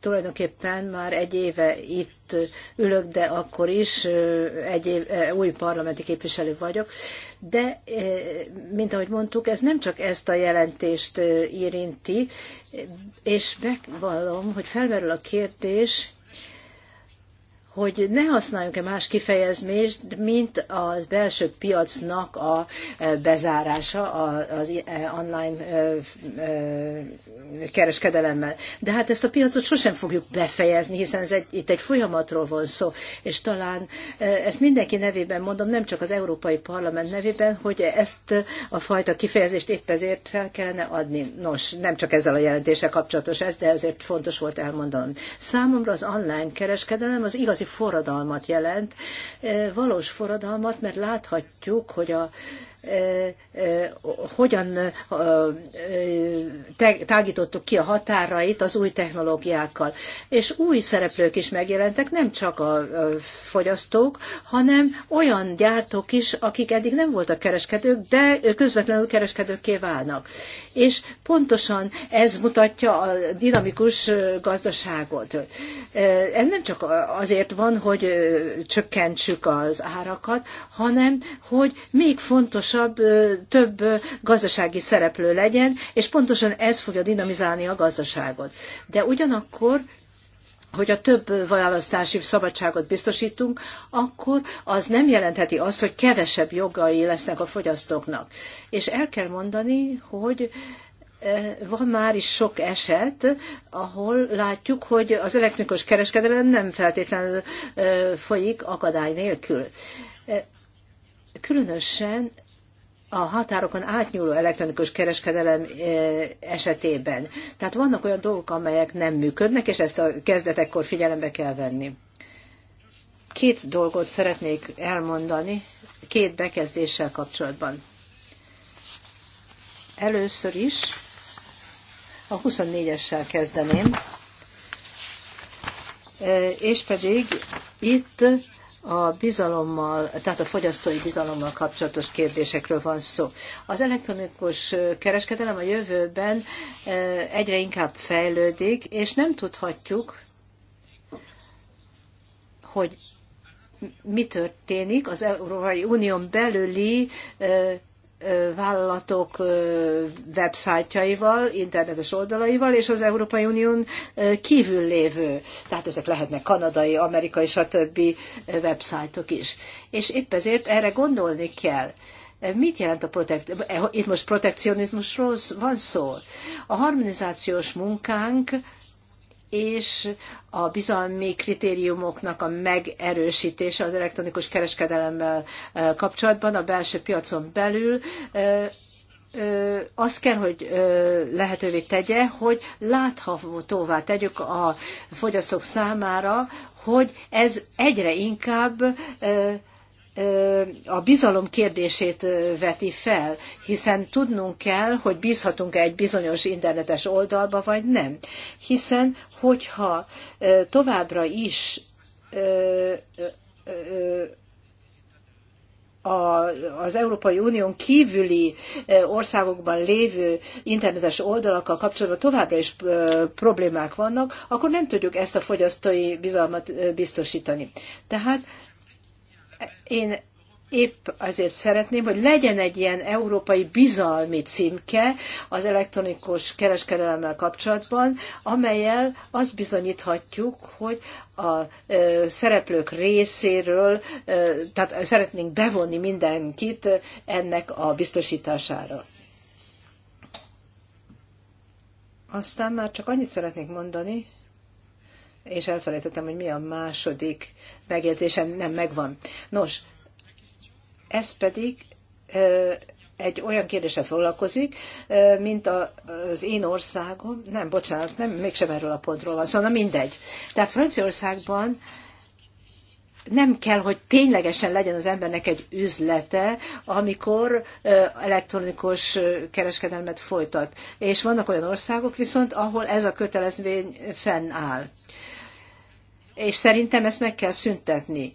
tulajdonképpen már egy éve itt ülök, de akkor is egy év, új parlamenti képviselő vagyok. De, mint ahogy mondtuk, ez nem csak ezt a jelentést érinti, és megvallom, hogy felmerül a kérdés, hogy ne használjunk-e más kifejezést, mint a belső piacnak a e, bezárása az e, online e, kereskedelemmel. De hát ezt a piacot sosem fogjuk befejezni, hiszen ez egy, itt egy folyamatról van szó, és talán ezt mindenki nevében mondom, nem csak az Európai Parlament nevében, hogy ezt a fajta kifejezést épp ezért fel kellene adni. Nos, nem csak ezzel a jelentéssel kapcsolatos ez, de ezért fontos volt elmondanom. Számomra az online kereskedelem az igaz igazi forradalmat jelent, valós forradalmat, mert láthatjuk, hogy a hogyan tágítottuk ki a határait az új technológiákkal. És új szereplők is megjelentek, nem csak a fogyasztók, hanem olyan gyártók is, akik eddig nem voltak kereskedők, de közvetlenül kereskedőkké válnak. És pontosan ez mutatja a dinamikus gazdaságot. Ez nem csak azért van, hogy csökkentsük az árakat, hanem hogy még fontos fontosabb, több gazdasági szereplő legyen, és pontosan ez fogja dinamizálni a gazdaságot. De ugyanakkor hogy a több választási szabadságot biztosítunk, akkor az nem jelentheti azt, hogy kevesebb jogai lesznek a fogyasztóknak. És el kell mondani, hogy van már is sok eset, ahol látjuk, hogy az elektronikus kereskedelem nem feltétlenül folyik akadály nélkül. Különösen a határokon átnyúló elektronikus kereskedelem e, esetében. Tehát vannak olyan dolgok, amelyek nem működnek, és ezt a kezdetekkor figyelembe kell venni. Két dolgot szeretnék elmondani, két bekezdéssel kapcsolatban. Először is a 24-essel kezdeném, e, és pedig itt a bizalommal, tehát a fogyasztói bizalommal kapcsolatos kérdésekről van szó. Az elektronikus kereskedelem a jövőben eh, egyre inkább fejlődik, és nem tudhatjuk, hogy mi történik az Európai Unión belüli eh, vállalatok websájtjaival, internetes oldalaival, és az Európai Unión kívül lévő, tehát ezek lehetnek kanadai, amerikai, stb. websájtok is. És épp ezért erre gondolni kell. Mit jelent a protek- eh, Itt most protekcionizmusról van szó. A harmonizációs munkánk és a bizalmi kritériumoknak a megerősítése az elektronikus kereskedelemmel e, kapcsolatban a belső piacon belül e, e, azt kell, hogy lehetővé tegye, hogy láthatóvá tegyük a fogyasztók számára, hogy ez egyre inkább a bizalom kérdését veti fel, hiszen tudnunk kell, hogy bízhatunk-e egy bizonyos internetes oldalba, vagy nem. Hiszen, hogyha továbbra is az Európai Unión kívüli országokban lévő internetes oldalakkal kapcsolatban továbbra is problémák vannak, akkor nem tudjuk ezt a fogyasztói bizalmat biztosítani. Tehát én épp azért szeretném, hogy legyen egy ilyen európai bizalmi címke az elektronikus kereskedelemmel kapcsolatban, amelyel azt bizonyíthatjuk, hogy a szereplők részéről, tehát szeretnénk bevonni mindenkit ennek a biztosítására. Aztán már csak annyit szeretnék mondani, és elfelejtettem, hogy mi a második megjegyzésem, nem megvan. Nos, ez pedig egy olyan kérdése foglalkozik, mint a az én országom, nem, bocsánat, nem, mégsem erről a pontról van, szóval mindegy. Tehát Franciaországban nem kell, hogy ténylegesen legyen az embernek egy üzlete, amikor elektronikus kereskedelmet folytat. És vannak olyan országok viszont, ahol ez a kötelezvény fennáll. És szerintem ezt meg kell szüntetni.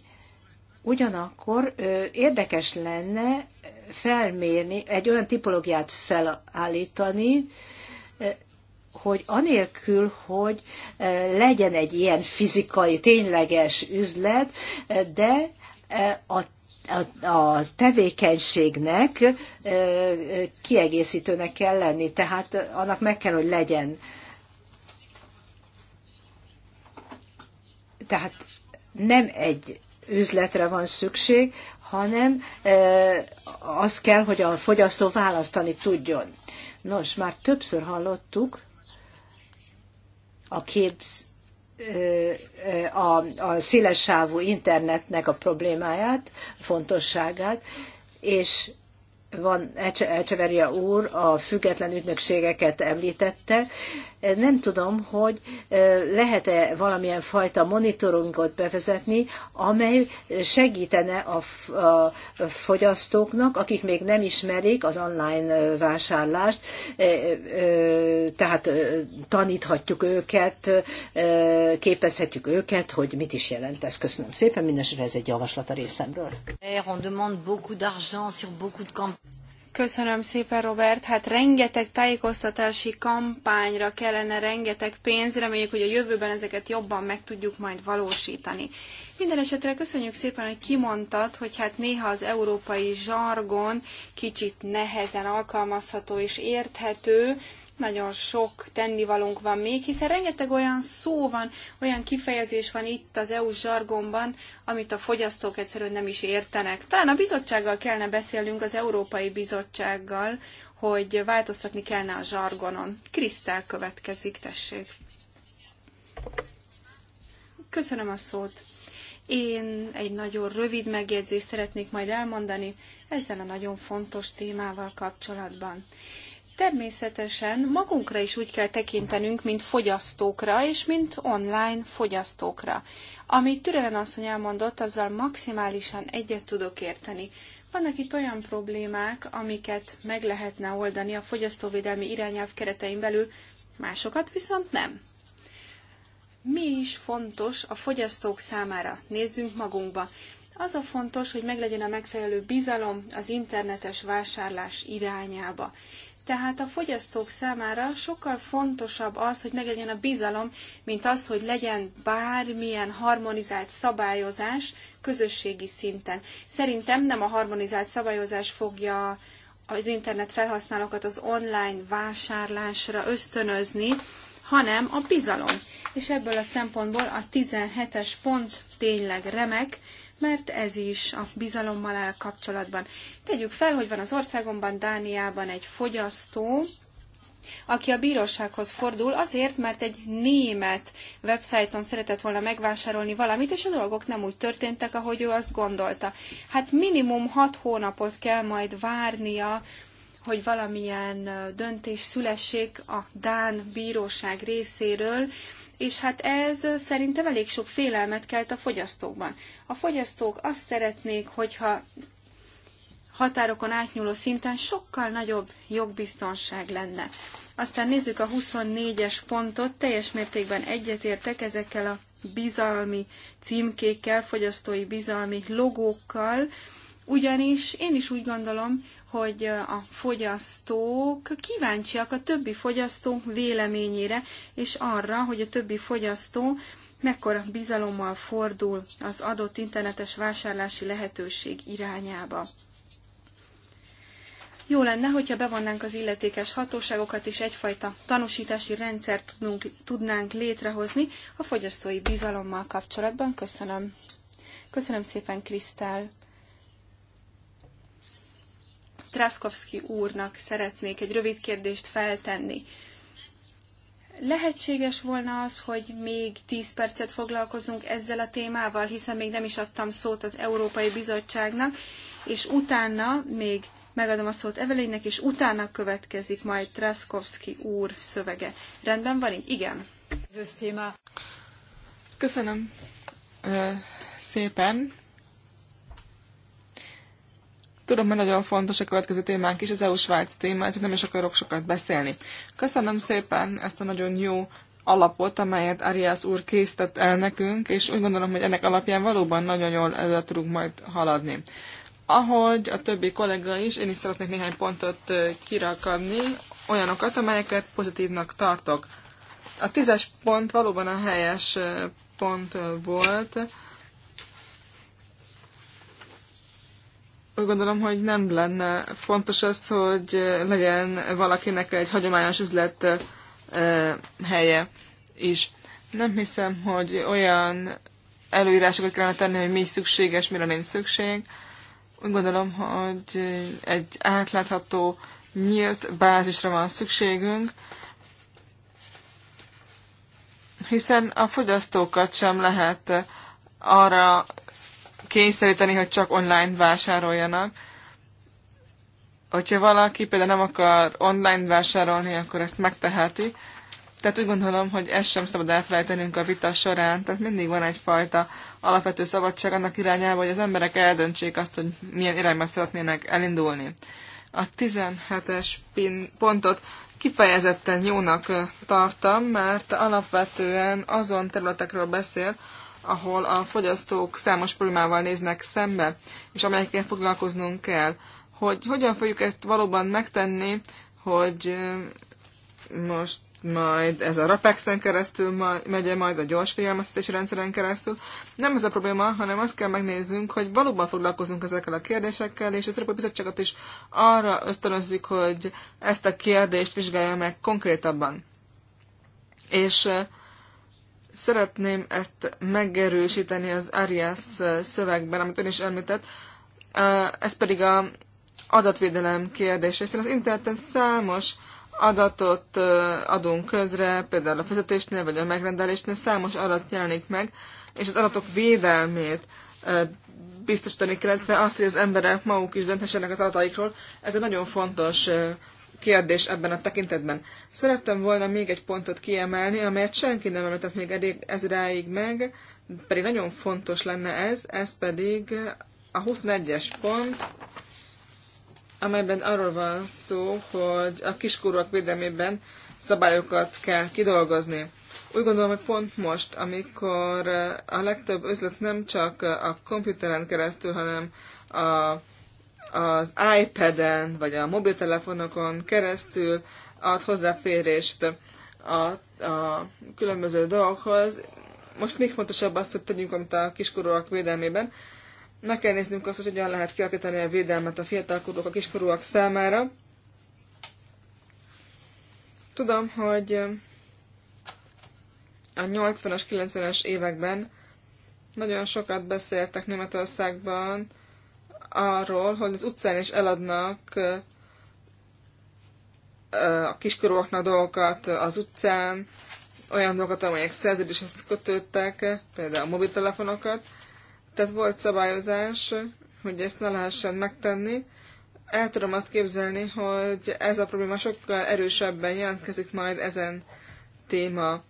Ugyanakkor érdekes lenne felmérni, egy olyan tipológiát felállítani, hogy anélkül, hogy eh, legyen egy ilyen fizikai, tényleges üzlet, eh, de eh, a a, tevékenységnek kiegészítőnek kell lenni, tehát annak meg kell, hogy legyen. Tehát nem egy üzletre van szükség, hanem az kell, hogy a fogyasztó választani tudjon. Nos, már többször hallottuk, a képz, a, a szélesávú internetnek a problémáját, fontosságát, és van Elcseverje úr a független ügynökségeket említette, nem tudom, hogy lehet-e valamilyen fajta monitoringot bevezetni, amely segítene a, fogyasztóknak, akik még nem ismerik az online vásárlást, tehát taníthatjuk őket, képezhetjük őket, hogy mit is jelent ez. Köszönöm szépen, mindenesetre ez egy javaslat a részemről. Köszönöm szépen, Robert. Hát rengeteg tájékoztatási kampányra kellene rengeteg pénz, reméljük, hogy a jövőben ezeket jobban meg tudjuk majd valósítani. Minden esetre köszönjük szépen, hogy kimondtad, hogy hát néha az európai zsargon kicsit nehezen alkalmazható és érthető, nagyon sok tennivalónk van még, hiszen rengeteg olyan szó van, olyan kifejezés van itt az EU zsargonban, amit a fogyasztók egyszerűen nem is értenek. Talán a bizottsággal kellene beszélnünk, az Európai Bizottsággal, hogy változtatni kellene a zsargonon. Krisztál következik, tessék. Köszönöm a szót. Én egy nagyon rövid megjegyzést szeretnék majd elmondani ezzel a nagyon fontos témával kapcsolatban. Természetesen magunkra is úgy kell tekintenünk, mint fogyasztókra, és mint online fogyasztókra. Amit Türelen asszony elmondott, azzal maximálisan egyet tudok érteni. Vannak itt olyan problémák, amiket meg lehetne oldani a fogyasztóvédelmi irányelv keretein belül, másokat viszont nem mi is fontos a fogyasztók számára. Nézzünk magunkba. Az a fontos, hogy meglegyen a megfelelő bizalom az internetes vásárlás irányába. Tehát a fogyasztók számára sokkal fontosabb az, hogy meglegyen a bizalom, mint az, hogy legyen bármilyen harmonizált szabályozás közösségi szinten. Szerintem nem a harmonizált szabályozás fogja az internet felhasználókat az online vásárlásra ösztönözni, hanem a bizalom. És ebből a szempontból a 17-es pont tényleg remek, mert ez is a bizalommal áll kapcsolatban. Tegyük fel, hogy van az országomban, Dániában egy fogyasztó, aki a bírósághoz fordul azért, mert egy német websájton szeretett volna megvásárolni valamit, és a dolgok nem úgy történtek, ahogy ő azt gondolta. Hát minimum hat hónapot kell majd várnia hogy valamilyen döntés szülessék a Dán bíróság részéről, és hát ez szerintem elég sok félelmet kelt a fogyasztókban. A fogyasztók azt szeretnék, hogyha határokon átnyúló szinten sokkal nagyobb jogbiztonság lenne. Aztán nézzük a 24-es pontot, teljes mértékben egyetértek ezekkel a bizalmi címkékkel, fogyasztói bizalmi logókkal, ugyanis én is úgy gondolom, hogy a fogyasztók kíváncsiak a többi fogyasztó véleményére, és arra, hogy a többi fogyasztó mekkora bizalommal fordul az adott internetes vásárlási lehetőség irányába. Jó lenne, hogyha bevonnánk az illetékes hatóságokat, és egyfajta tanúsítási rendszert tudnunk, tudnánk létrehozni a fogyasztói bizalommal kapcsolatban. Köszönöm. Köszönöm szépen, Krisztál. Traskowski úrnak szeretnék egy rövid kérdést feltenni. Lehetséges volna az, hogy még 10 percet foglalkozunk ezzel a témával, hiszen még nem is adtam szót az Európai Bizottságnak, és utána még megadom a szót evelénynek és utána következik majd Traskowski úr szövege. Rendben van így? Igen. Köszönöm szépen. Tudom, hogy nagyon fontos a következő témánk is, az EU-Svájc téma, ezért nem is akarok sokat beszélni. Köszönöm szépen ezt a nagyon jó alapot, amelyet Arias úr készített el nekünk, és úgy gondolom, hogy ennek alapján valóban nagyon jól előre tudunk majd haladni. Ahogy a többi kollega is, én is szeretnék néhány pontot kirakadni, olyanokat, amelyeket pozitívnak tartok. A tízes pont valóban a helyes pont volt, úgy gondolom, hogy nem lenne fontos az, hogy legyen valakinek egy hagyományos üzlet helye is. Nem hiszem, hogy olyan előírásokat kellene tenni, hogy mi szükséges, mire nincs szükség. Úgy gondolom, hogy egy átlátható, nyílt bázisra van szükségünk, hiszen a fogyasztókat sem lehet arra kényszeríteni, hogy csak online vásároljanak. Hogyha valaki például nem akar online vásárolni, akkor ezt megteheti. Tehát úgy gondolom, hogy ezt sem szabad elfelejtenünk a vita során, tehát mindig van egyfajta alapvető szabadság annak irányába, hogy az emberek eldöntsék azt, hogy milyen irányba szeretnének elindulni. A 17-es pontot kifejezetten jónak tartam, mert alapvetően azon területekről beszél, ahol a fogyasztók számos problémával néznek szembe, és amelyekkel foglalkoznunk kell. Hogy hogyan fogjuk ezt valóban megtenni, hogy most majd ez a Rapexen keresztül megy majd a gyors figyelmeztetési rendszeren keresztül. Nem ez a probléma, hanem azt kell megnéznünk, hogy valóban foglalkozunk ezekkel a kérdésekkel, és az Európai Bizottságot is arra ösztönözzük, hogy ezt a kérdést vizsgálja meg konkrétabban. És Szeretném ezt megerősíteni az Arias szövegben, amit ön is említett, eh, ez pedig a adatvédelem kérdése, hiszen az interneten számos adatot eh, adunk közre, például a fizetésnél vagy a megrendelésnél számos adat jelenik meg, és az adatok védelmét eh, biztosítani kell, illetve azt, hogy az emberek maguk is dönthessenek az adataikról, ez egy nagyon fontos kérdés ebben a tekintetben. Szerettem volna még egy pontot kiemelni, amelyet senki nem említett még eddig ezráig meg, pedig nagyon fontos lenne ez, ez pedig a 21-es pont, amelyben arról van szó, hogy a kiskorúak védelmében szabályokat kell kidolgozni. Úgy gondolom, hogy pont most, amikor a legtöbb üzlet nem csak a komputeren keresztül, hanem a az iPad-en vagy a mobiltelefonokon keresztül ad hozzáférést a, a különböző dolgokhoz. Most még fontosabb azt, hogy tegyünk, amit a kiskorúak védelmében. Meg kell néznünk azt, hogy hogyan lehet kialakítani a védelmet a fiatalkorúak, a kiskorúak számára. Tudom, hogy a 80-as, 90-es években nagyon sokat beszéltek Németországban arról, hogy az utcán is eladnak a kiskorúaknak dolgokat az utcán, olyan dolgokat, amelyek szerződéshez kötődtek, például a mobiltelefonokat. Tehát volt szabályozás, hogy ezt ne lehessen megtenni. El tudom azt képzelni, hogy ez a probléma sokkal erősebben jelentkezik majd ezen téma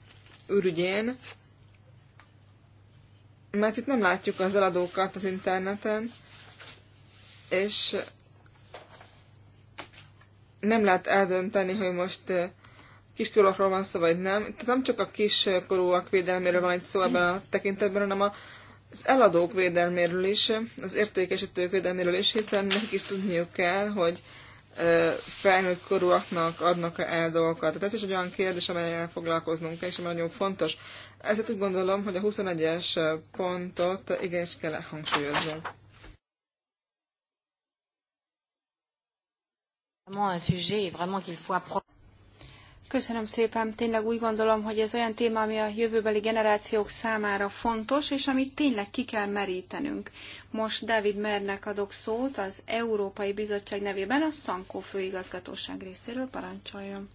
ürügyén, mert itt nem látjuk az eladókat az interneten, és nem lehet eldönteni, hogy most kiskorúakról van szó, vagy nem. Tehát nem csak a kiskorúak védelméről van egy szó ebben a tekintetben, hanem a, az eladók védelméről is, az értékesítők védelméről is, hiszen nekik is tudniuk kell, hogy felnőtt korúaknak adnak el dolgokat. Tehát ez is egy olyan kérdés, amelyel foglalkoznunk kell, és ami nagyon fontos. Ezért úgy gondolom, hogy a 21-es pontot igenis kell hangsúlyozni. Köszönöm szépen. Tényleg úgy gondolom, hogy ez olyan téma, ami a jövőbeli generációk számára fontos, és amit tényleg ki kell merítenünk. Most David Mernek adok szót az Európai Bizottság nevében a Szankó főigazgatóság részéről. Parancsoljon!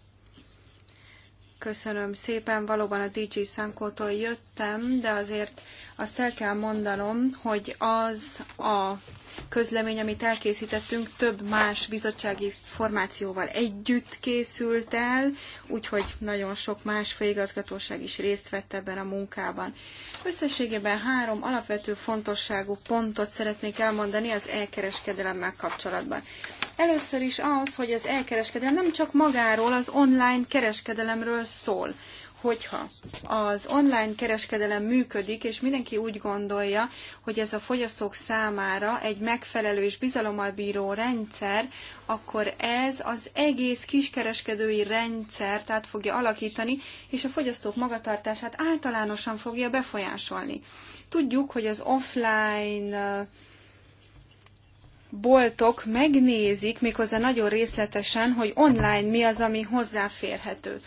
Köszönöm szépen, valóban a DJ Szankótól jöttem, de azért azt el kell mondanom, hogy az a közlemény, amit elkészítettünk, több más bizottsági formációval együtt készült el, úgyhogy nagyon sok más főigazgatóság is részt vett ebben a munkában. Összességében három alapvető fontosságú pontot szeretnék elmondani az elkereskedelemmel kapcsolatban. Először is az, hogy az elkereskedelem nem csak magáról, az online kereskedelemről szól hogyha az online kereskedelem működik, és mindenki úgy gondolja, hogy ez a fogyasztók számára egy megfelelő és bizalommal bíró rendszer, akkor ez az egész kiskereskedői rendszert át fogja alakítani, és a fogyasztók magatartását általánosan fogja befolyásolni. Tudjuk, hogy az offline boltok megnézik méghozzá nagyon részletesen, hogy online mi az, ami hozzáférhető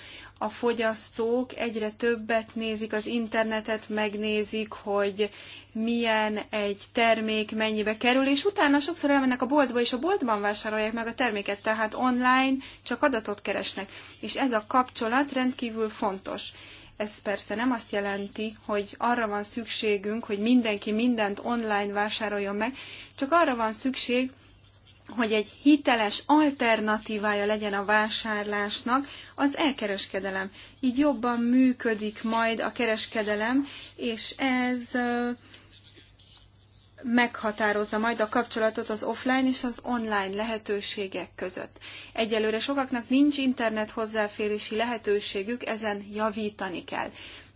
a fogyasztók egyre többet nézik az internetet, megnézik, hogy milyen egy termék mennyibe kerül, és utána sokszor elmennek a boltba, és a boltban vásárolják meg a terméket, tehát online csak adatot keresnek. És ez a kapcsolat rendkívül fontos. Ez persze nem azt jelenti, hogy arra van szükségünk, hogy mindenki mindent online vásároljon meg, csak arra van szükség, hogy egy hiteles alternatívája legyen a vásárlásnak az elkereskedelem. Így jobban működik majd a kereskedelem, és ez meghatározza majd a kapcsolatot az offline és az online lehetőségek között. Egyelőre sokaknak nincs internet hozzáférési lehetőségük, ezen javítani kell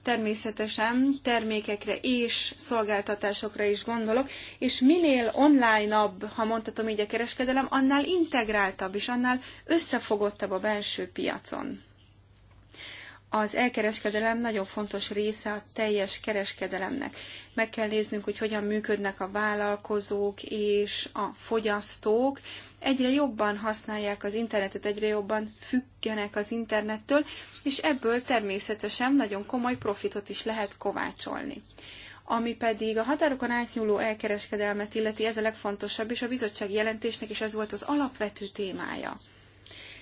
természetesen termékekre és szolgáltatásokra is gondolok, és minél onlineabb, ha mondhatom így a kereskedelem, annál integráltabb és annál összefogottabb a belső piacon az elkereskedelem nagyon fontos része a teljes kereskedelemnek. Meg kell néznünk, hogy hogyan működnek a vállalkozók és a fogyasztók. Egyre jobban használják az internetet, egyre jobban függenek az internettől, és ebből természetesen nagyon komoly profitot is lehet kovácsolni. Ami pedig a határokon átnyúló elkereskedelmet illeti, ez a legfontosabb, és a bizottság jelentésnek is ez volt az alapvető témája.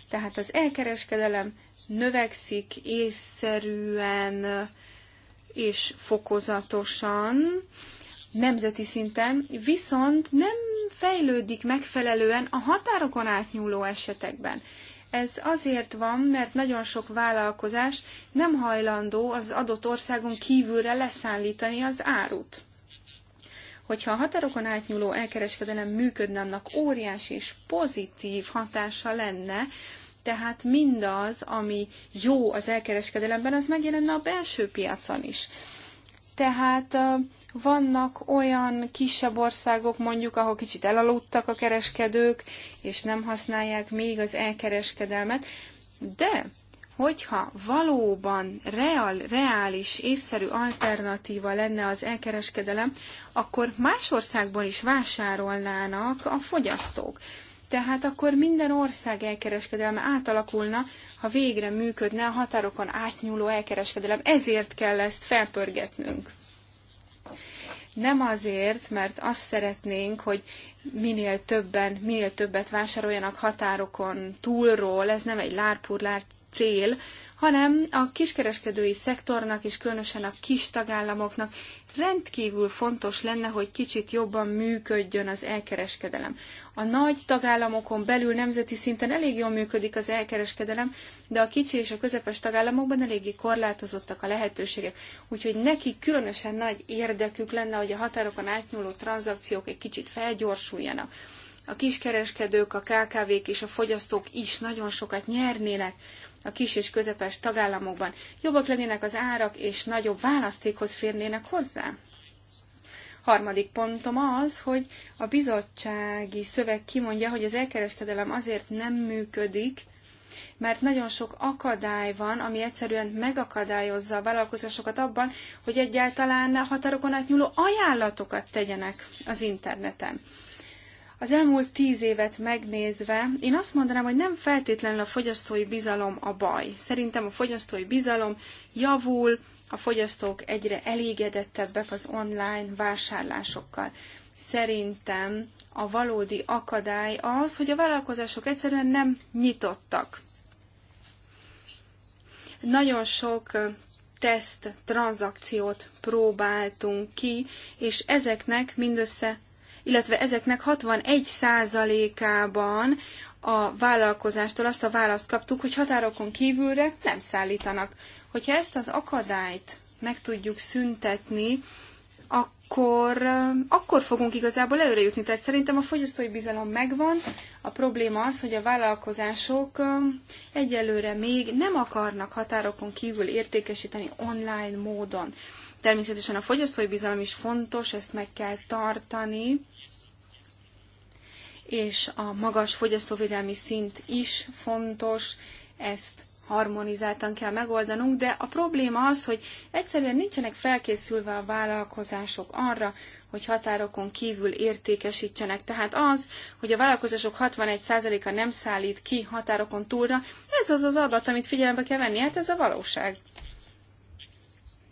Tehát az elkereskedelem növekszik észszerűen és fokozatosan nemzeti szinten, viszont nem fejlődik megfelelően a határokon átnyúló esetekben. Ez azért van, mert nagyon sok vállalkozás nem hajlandó az adott országon kívülre leszállítani az árut. Hogyha a határokon átnyúló elkereskedelem működne, annak óriási és pozitív hatása lenne tehát mindaz, ami jó az elkereskedelemben, az megjelenne a belső piacon is. Tehát vannak olyan kisebb országok, mondjuk, ahol kicsit elaludtak a kereskedők, és nem használják még az elkereskedelmet, de hogyha valóban real, reális, észszerű alternatíva lenne az elkereskedelem, akkor más országból is vásárolnának a fogyasztók tehát akkor minden ország elkereskedelme átalakulna, ha végre működne a határokon átnyúló elkereskedelem. Ezért kell ezt felpörgetnünk. Nem azért, mert azt szeretnénk, hogy minél többen, minél többet vásároljanak határokon túlról, ez nem egy lárpurlár cél, hanem a kiskereskedői szektornak és különösen a kis tagállamoknak rendkívül fontos lenne, hogy kicsit jobban működjön az elkereskedelem. A nagy tagállamokon belül nemzeti szinten elég jól működik az elkereskedelem, de a kicsi és a közepes tagállamokban eléggé korlátozottak a lehetőségek. Úgyhogy neki különösen nagy érdekük lenne, hogy a határokon átnyúló tranzakciók egy kicsit felgyorsuljanak. A kiskereskedők, a KKV-k és a fogyasztók is nagyon sokat nyernének a kis és közepes tagállamokban. Jobbak lennének az árak, és nagyobb választékhoz férnének hozzá. Harmadik pontom az, hogy a bizottsági szöveg kimondja, hogy az elkereskedelem azért nem működik, mert nagyon sok akadály van, ami egyszerűen megakadályozza a vállalkozásokat abban, hogy egyáltalán határokon átnyúló ajánlatokat tegyenek az interneten az elmúlt tíz évet megnézve, én azt mondanám, hogy nem feltétlenül a fogyasztói bizalom a baj. Szerintem a fogyasztói bizalom javul, a fogyasztók egyre elégedettebbek az online vásárlásokkal. Szerintem a valódi akadály az, hogy a vállalkozások egyszerűen nem nyitottak. Nagyon sok teszt tranzakciót próbáltunk ki, és ezeknek mindössze illetve ezeknek 61 százalékában a vállalkozástól azt a választ kaptuk, hogy határokon kívülre nem szállítanak. Hogyha ezt az akadályt meg tudjuk szüntetni, akkor, akkor fogunk igazából előre jutni. Tehát szerintem a fogyasztói bizalom megvan, a probléma az, hogy a vállalkozások um, egyelőre még nem akarnak határokon kívül értékesíteni online módon. Természetesen a fogyasztói bizalom is fontos, ezt meg kell tartani, és a magas fogyasztóvédelmi szint is fontos, ezt harmonizáltan kell megoldanunk, de a probléma az, hogy egyszerűen nincsenek felkészülve a vállalkozások arra, hogy határokon kívül értékesítsenek. Tehát az, hogy a vállalkozások 61%-a nem szállít ki határokon túlra, ez az az adat, amit figyelembe kell venni, hát ez a valóság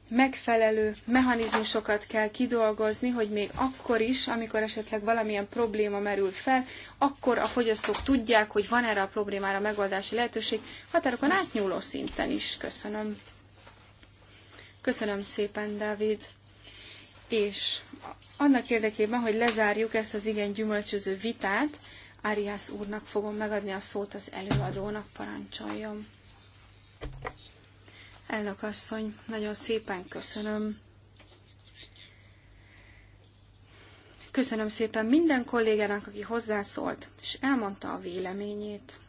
megfelelő mechanizmusokat kell kidolgozni, hogy még akkor is, amikor esetleg valamilyen probléma merül fel, akkor a fogyasztók tudják, hogy van erre a problémára megoldási lehetőség határokon átnyúló szinten is. Köszönöm. Köszönöm szépen, Dávid. És annak érdekében, hogy lezárjuk ezt az igen gyümölcsöző vitát, Áriász úrnak fogom megadni a szót az előadónak, parancsoljon. Elnök asszony, nagyon szépen köszönöm. Köszönöm szépen minden kollégának, aki hozzászólt, és elmondta a véleményét.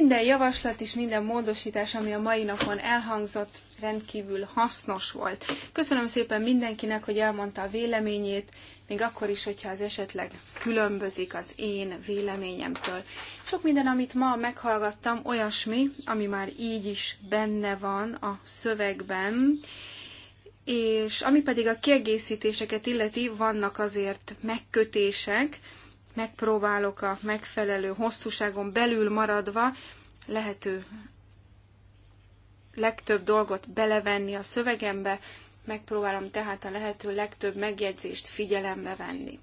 Minden javaslat és minden módosítás, ami a mai napon elhangzott, rendkívül hasznos volt. Köszönöm szépen mindenkinek, hogy elmondta a véleményét, még akkor is, hogyha az esetleg különbözik az én véleményemtől. Sok minden, amit ma meghallgattam, olyasmi, ami már így is benne van a szövegben, és ami pedig a kiegészítéseket illeti, vannak azért megkötések, megpróbálok a megfelelő hosszúságon belül maradva lehető legtöbb dolgot belevenni a szövegembe, megpróbálom tehát a lehető legtöbb megjegyzést figyelembe venni.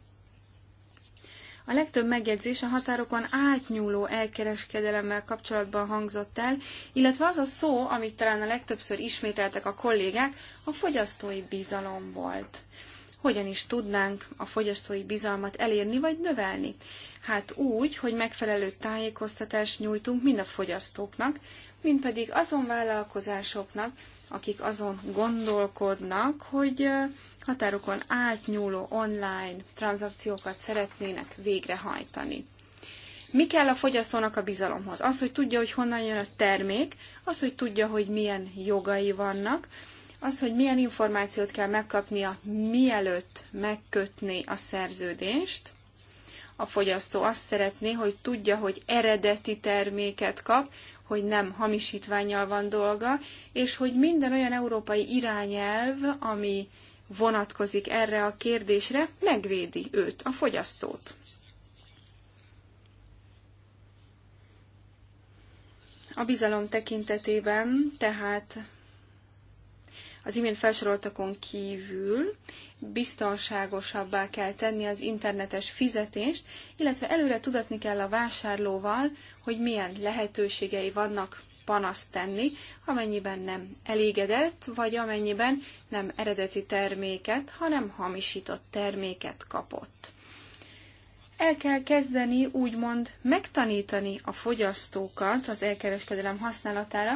A legtöbb megjegyzés a határokon átnyúló elkereskedelemmel kapcsolatban hangzott el, illetve az a szó, amit talán a legtöbbször ismételtek a kollégák, a fogyasztói bizalom volt. Hogyan is tudnánk a fogyasztói bizalmat elérni vagy növelni? Hát úgy, hogy megfelelő tájékoztatást nyújtunk mind a fogyasztóknak, mind pedig azon vállalkozásoknak, akik azon gondolkodnak, hogy határokon átnyúló online tranzakciókat szeretnének végrehajtani. Mi kell a fogyasztónak a bizalomhoz? Az, hogy tudja, hogy honnan jön a termék, az, hogy tudja, hogy milyen jogai vannak, az, hogy milyen információt kell megkapnia, mielőtt megkötné a szerződést. A fogyasztó azt szeretné, hogy tudja, hogy eredeti terméket kap, hogy nem hamisítványjal van dolga, és hogy minden olyan európai irányelv, ami vonatkozik erre a kérdésre, megvédi őt, a fogyasztót. A bizalom tekintetében tehát az imént felsoroltakon kívül biztonságosabbá kell tenni az internetes fizetést, illetve előre tudatni kell a vásárlóval, hogy milyen lehetőségei vannak panaszt tenni, amennyiben nem elégedett, vagy amennyiben nem eredeti terméket, hanem hamisított terméket kapott. El kell kezdeni úgymond megtanítani a fogyasztókat az elkereskedelem használatára,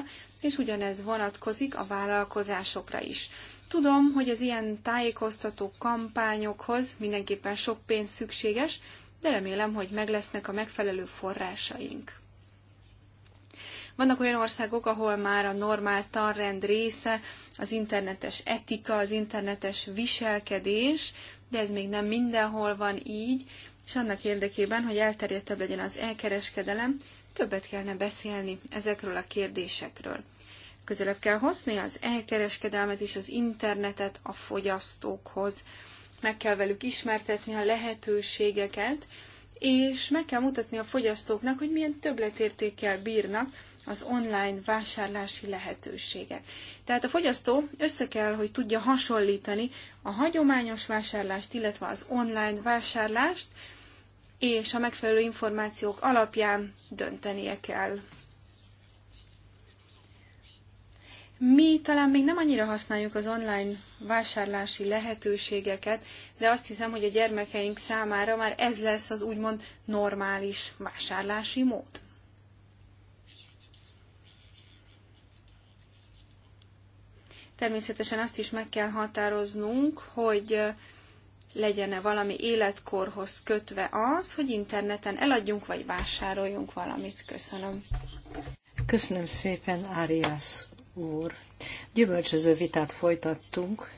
és ugyanez vonatkozik a vállalkozásokra is. Tudom, hogy az ilyen tájékoztató kampányokhoz mindenképpen sok pénz szükséges, de remélem, hogy meg lesznek a megfelelő forrásaink. Vannak olyan országok, ahol már a normál tanrend része az internetes etika, az internetes viselkedés, de ez még nem mindenhol van így, és annak érdekében, hogy elterjedtebb legyen az elkereskedelem, többet kellene beszélni ezekről a kérdésekről. Közelebb kell hozni az elkereskedelmet és az internetet a fogyasztókhoz. Meg kell velük ismertetni a lehetőségeket, és meg kell mutatni a fogyasztóknak, hogy milyen többletértékkel bírnak az online vásárlási lehetőségek. Tehát a fogyasztó össze kell, hogy tudja hasonlítani a hagyományos vásárlást, illetve az online vásárlást, és a megfelelő információk alapján döntenie kell. Mi talán még nem annyira használjuk az online vásárlási lehetőségeket, de azt hiszem, hogy a gyermekeink számára már ez lesz az úgymond normális vásárlási mód. Természetesen azt is meg kell határoznunk, hogy legyen-e valami életkorhoz kötve az, hogy interneten eladjunk vagy vásároljunk valamit. Köszönöm. Köszönöm szépen, Áriász úr. Gyümölcsöző vitát folytattunk,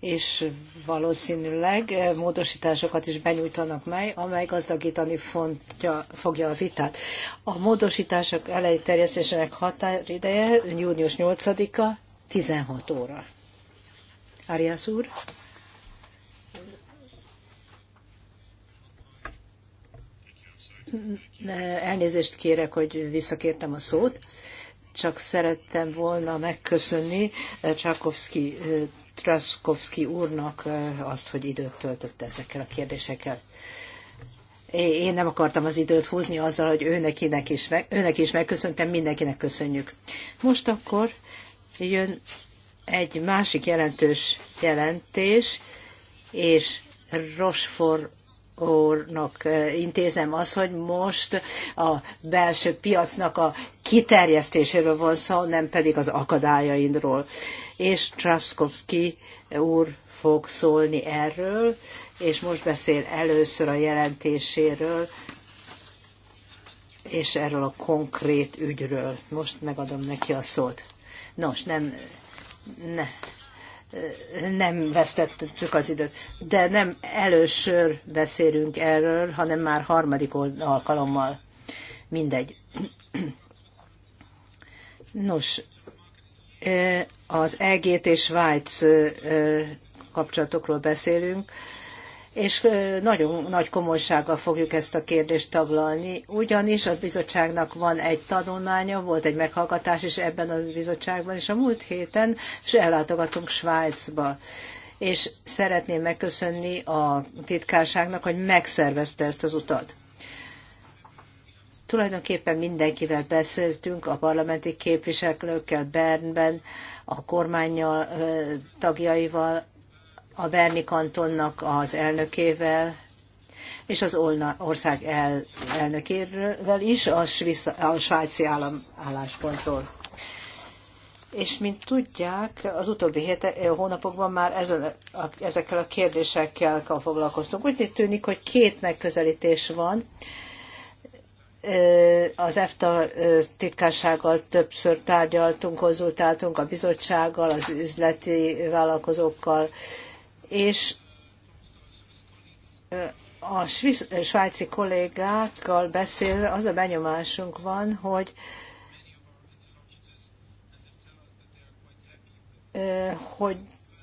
és valószínűleg módosításokat is benyújtanak meg, amely gazdagítani fontja, fogja a vitát. A módosítások terjesztésének határideje június 8-a 16 óra. Áriász úr. elnézést kérek, hogy visszakértem a szót, csak szerettem volna megköszönni Csakovszki Traszkovszki úrnak eh, azt, hogy időt töltött ezekkel a kérdésekkel. Én nem akartam az időt húzni azzal, hogy őnek is, meg, őnek is megköszöntem, mindenkinek köszönjük. Most akkor jön egy másik jelentős jelentés, és Rosfor úrnak intézem az, hogy most a belső piacnak a kiterjesztéséről van szó, nem pedig az akadályaindról. És Trzaskowski úr fog szólni erről, és most beszél először a jelentéséről, és erről a konkrét ügyről. Most megadom neki a szót. Nos, nem, ne, nem vesztettük az időt. De nem először beszélünk erről, hanem már harmadik alkalommal. Mindegy. Nos, az EGT és Svájc kapcsolatokról beszélünk és nagyon nagy komolysággal fogjuk ezt a kérdést taglalni, ugyanis a bizottságnak van egy tanulmánya, volt egy meghallgatás is ebben a bizottságban, és a múlt héten és ellátogatunk Svájcba és szeretném megköszönni a titkárságnak, hogy megszervezte ezt az utat. Tulajdonképpen mindenkivel beszéltünk, a parlamenti képviselőkkel Bernben, a kormány tagjaival, a Berni kantonnak az elnökével, és az ország el, elnökével is, a, Svisz, a svájci állam, álláspontról. És mint tudják, az utóbbi hét, hónapokban már ezzel, a, ezekkel a kérdésekkel foglalkoztunk. Úgy tűnik, hogy két megközelítés van. Az EFTA titkársággal többször tárgyaltunk, konzultáltunk a bizottsággal, az üzleti vállalkozókkal, és a svájci kollégákkal beszélve az a benyomásunk van, hogy hogy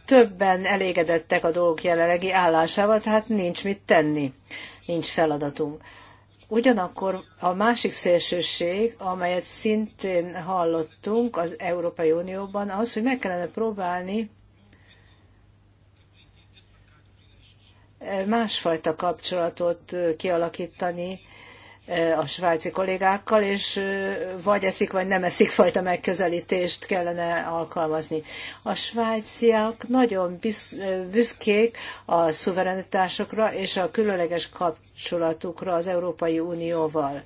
többen elégedettek a dolgok jelenlegi állásával, tehát nincs mit tenni, nincs feladatunk. Ugyanakkor a másik szélsőség, amelyet szintén hallottunk az Európai Unióban, az, hogy meg kellene próbálni másfajta kapcsolatot kialakítani a svájci kollégákkal, és vagy eszik, vagy nem eszik fajta megközelítést kellene alkalmazni. A svájciak nagyon büszkék a szuverenitásokra és a különleges kapcsolatukra az Európai Unióval.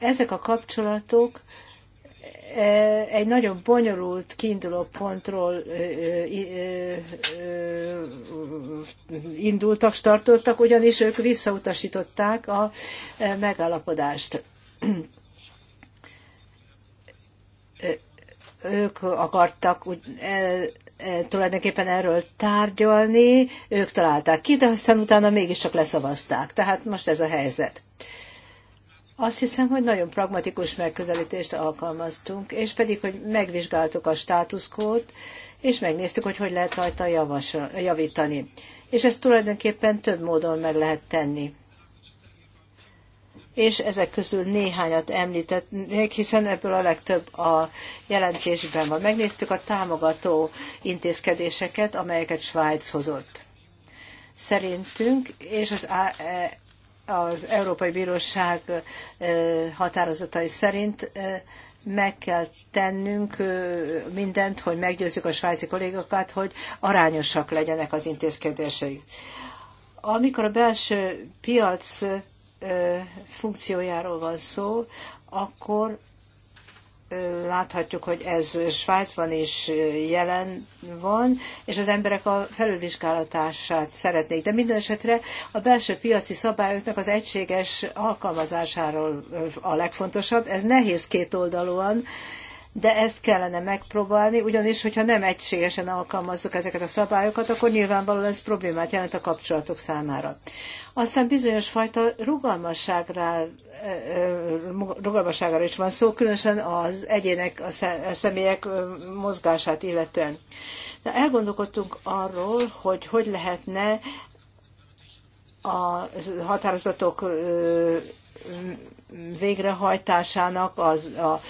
Ezek a kapcsolatok E, egy nagyon bonyolult kiinduló pontról e, e, indultak, startoltak, ugyanis ők visszautasították a megállapodást. Ők akartak tulajdonképpen erről tárgyalni, ők találták ki, de aztán utána mégiscsak leszavazták. Tehát most ez a helyzet. Azt hiszem, hogy nagyon pragmatikus megközelítést alkalmaztunk, és pedig, hogy megvizsgáltuk a státuszkót, és megnéztük, hogy hogy lehet rajta javasol, javítani. És ezt tulajdonképpen több módon meg lehet tenni. És ezek közül néhányat említetnék, hiszen ebből a legtöbb a jelentésben van. Megnéztük a támogató intézkedéseket, amelyeket Svájc hozott szerintünk, és az e- az Európai Bíróság határozatai szerint meg kell tennünk mindent, hogy meggyőzzük a svájci kollégokat, hogy arányosak legyenek az intézkedéseik. Amikor a belső piac funkciójáról van szó, akkor láthatjuk, hogy ez Svájcban is jelen van, és az emberek a felülvizsgálatását szeretnék. De minden esetre a belső piaci szabályoknak az egységes alkalmazásáról a legfontosabb. Ez nehéz kétoldalúan, de ezt kellene megpróbálni, ugyanis, hogyha nem egységesen alkalmazzuk ezeket a szabályokat, akkor nyilvánvalóan ez problémát jelent a kapcsolatok számára. Aztán bizonyos fajta rugalmasságra Eh, eh, rugalmasságra is van szó, különösen az egyének, a személyek mozgását illetően. De elgondolkodtunk arról, hogy hogy lehetne a határozatok végrehajtásának az, a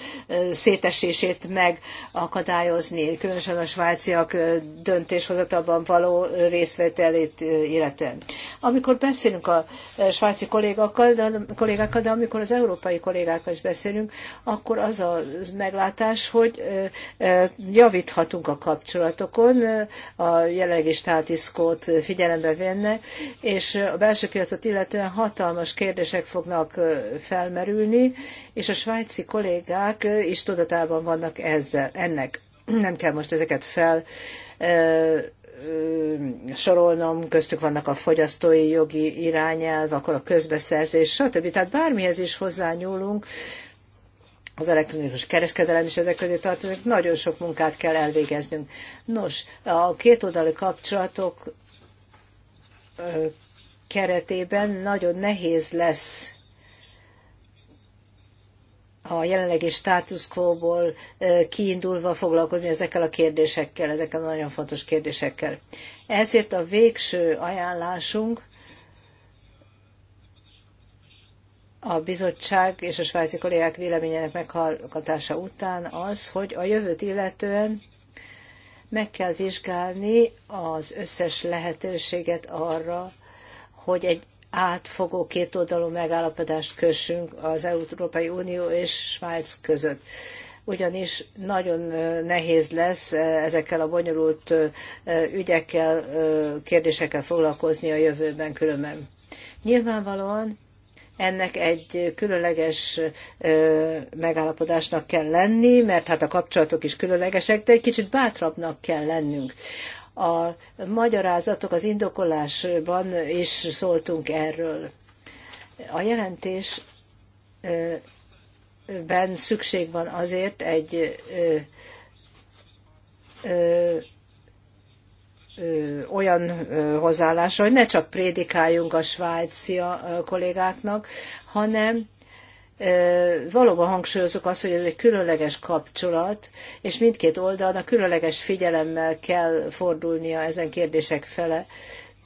szétesését megakadályozni, különösen a svájciak döntéshozatalban való részvételét illetően. Amikor beszélünk a svájci kollégákkal, de, kollégákkal, de amikor az európai kollégákkal is beszélünk, akkor az a meglátás, hogy javíthatunk a kapcsolatokon, a jelenlegi státiszkót figyelembe venne, és a belső piacot illetően hatalmas kérdések fognak fel felmerülni, és a svájci kollégák is tudatában vannak ezzel, ennek. Nem kell most ezeket fel sorolnom, köztük vannak a fogyasztói jogi irányelv, akkor a közbeszerzés, stb. Tehát bármihez is hozzányúlunk, az elektronikus kereskedelem is ezek közé tartozik, nagyon sok munkát kell elvégeznünk. Nos, a kétoldalú kapcsolatok keretében nagyon nehéz lesz a jelenlegi status quo-ból kiindulva foglalkozni ezekkel a kérdésekkel, ezekkel a nagyon fontos kérdésekkel. Ezért a végső ajánlásunk a bizottság és a svájci kollégák véleményének meghallgatása után az, hogy a jövőt illetően meg kell vizsgálni az összes lehetőséget arra, hogy egy átfogó kétoldalú megállapodást kössünk az Európai Unió és Svájc között ugyanis nagyon nehéz lesz ezekkel a bonyolult ügyekkel, kérdésekkel foglalkozni a jövőben különben. Nyilvánvalóan ennek egy különleges megállapodásnak kell lenni, mert hát a kapcsolatok is különlegesek, de egy kicsit bátrabbnak kell lennünk. A magyarázatok, az indokolásban is szóltunk erről. A jelentésben szükség van azért egy ö, ö, olyan hozzáállásra, hogy ne csak prédikáljunk a svájciak kollégáknak, hanem valóban hangsúlyozok azt, hogy ez egy különleges kapcsolat, és mindkét oldalnak különleges figyelemmel kell fordulnia ezen kérdések fele.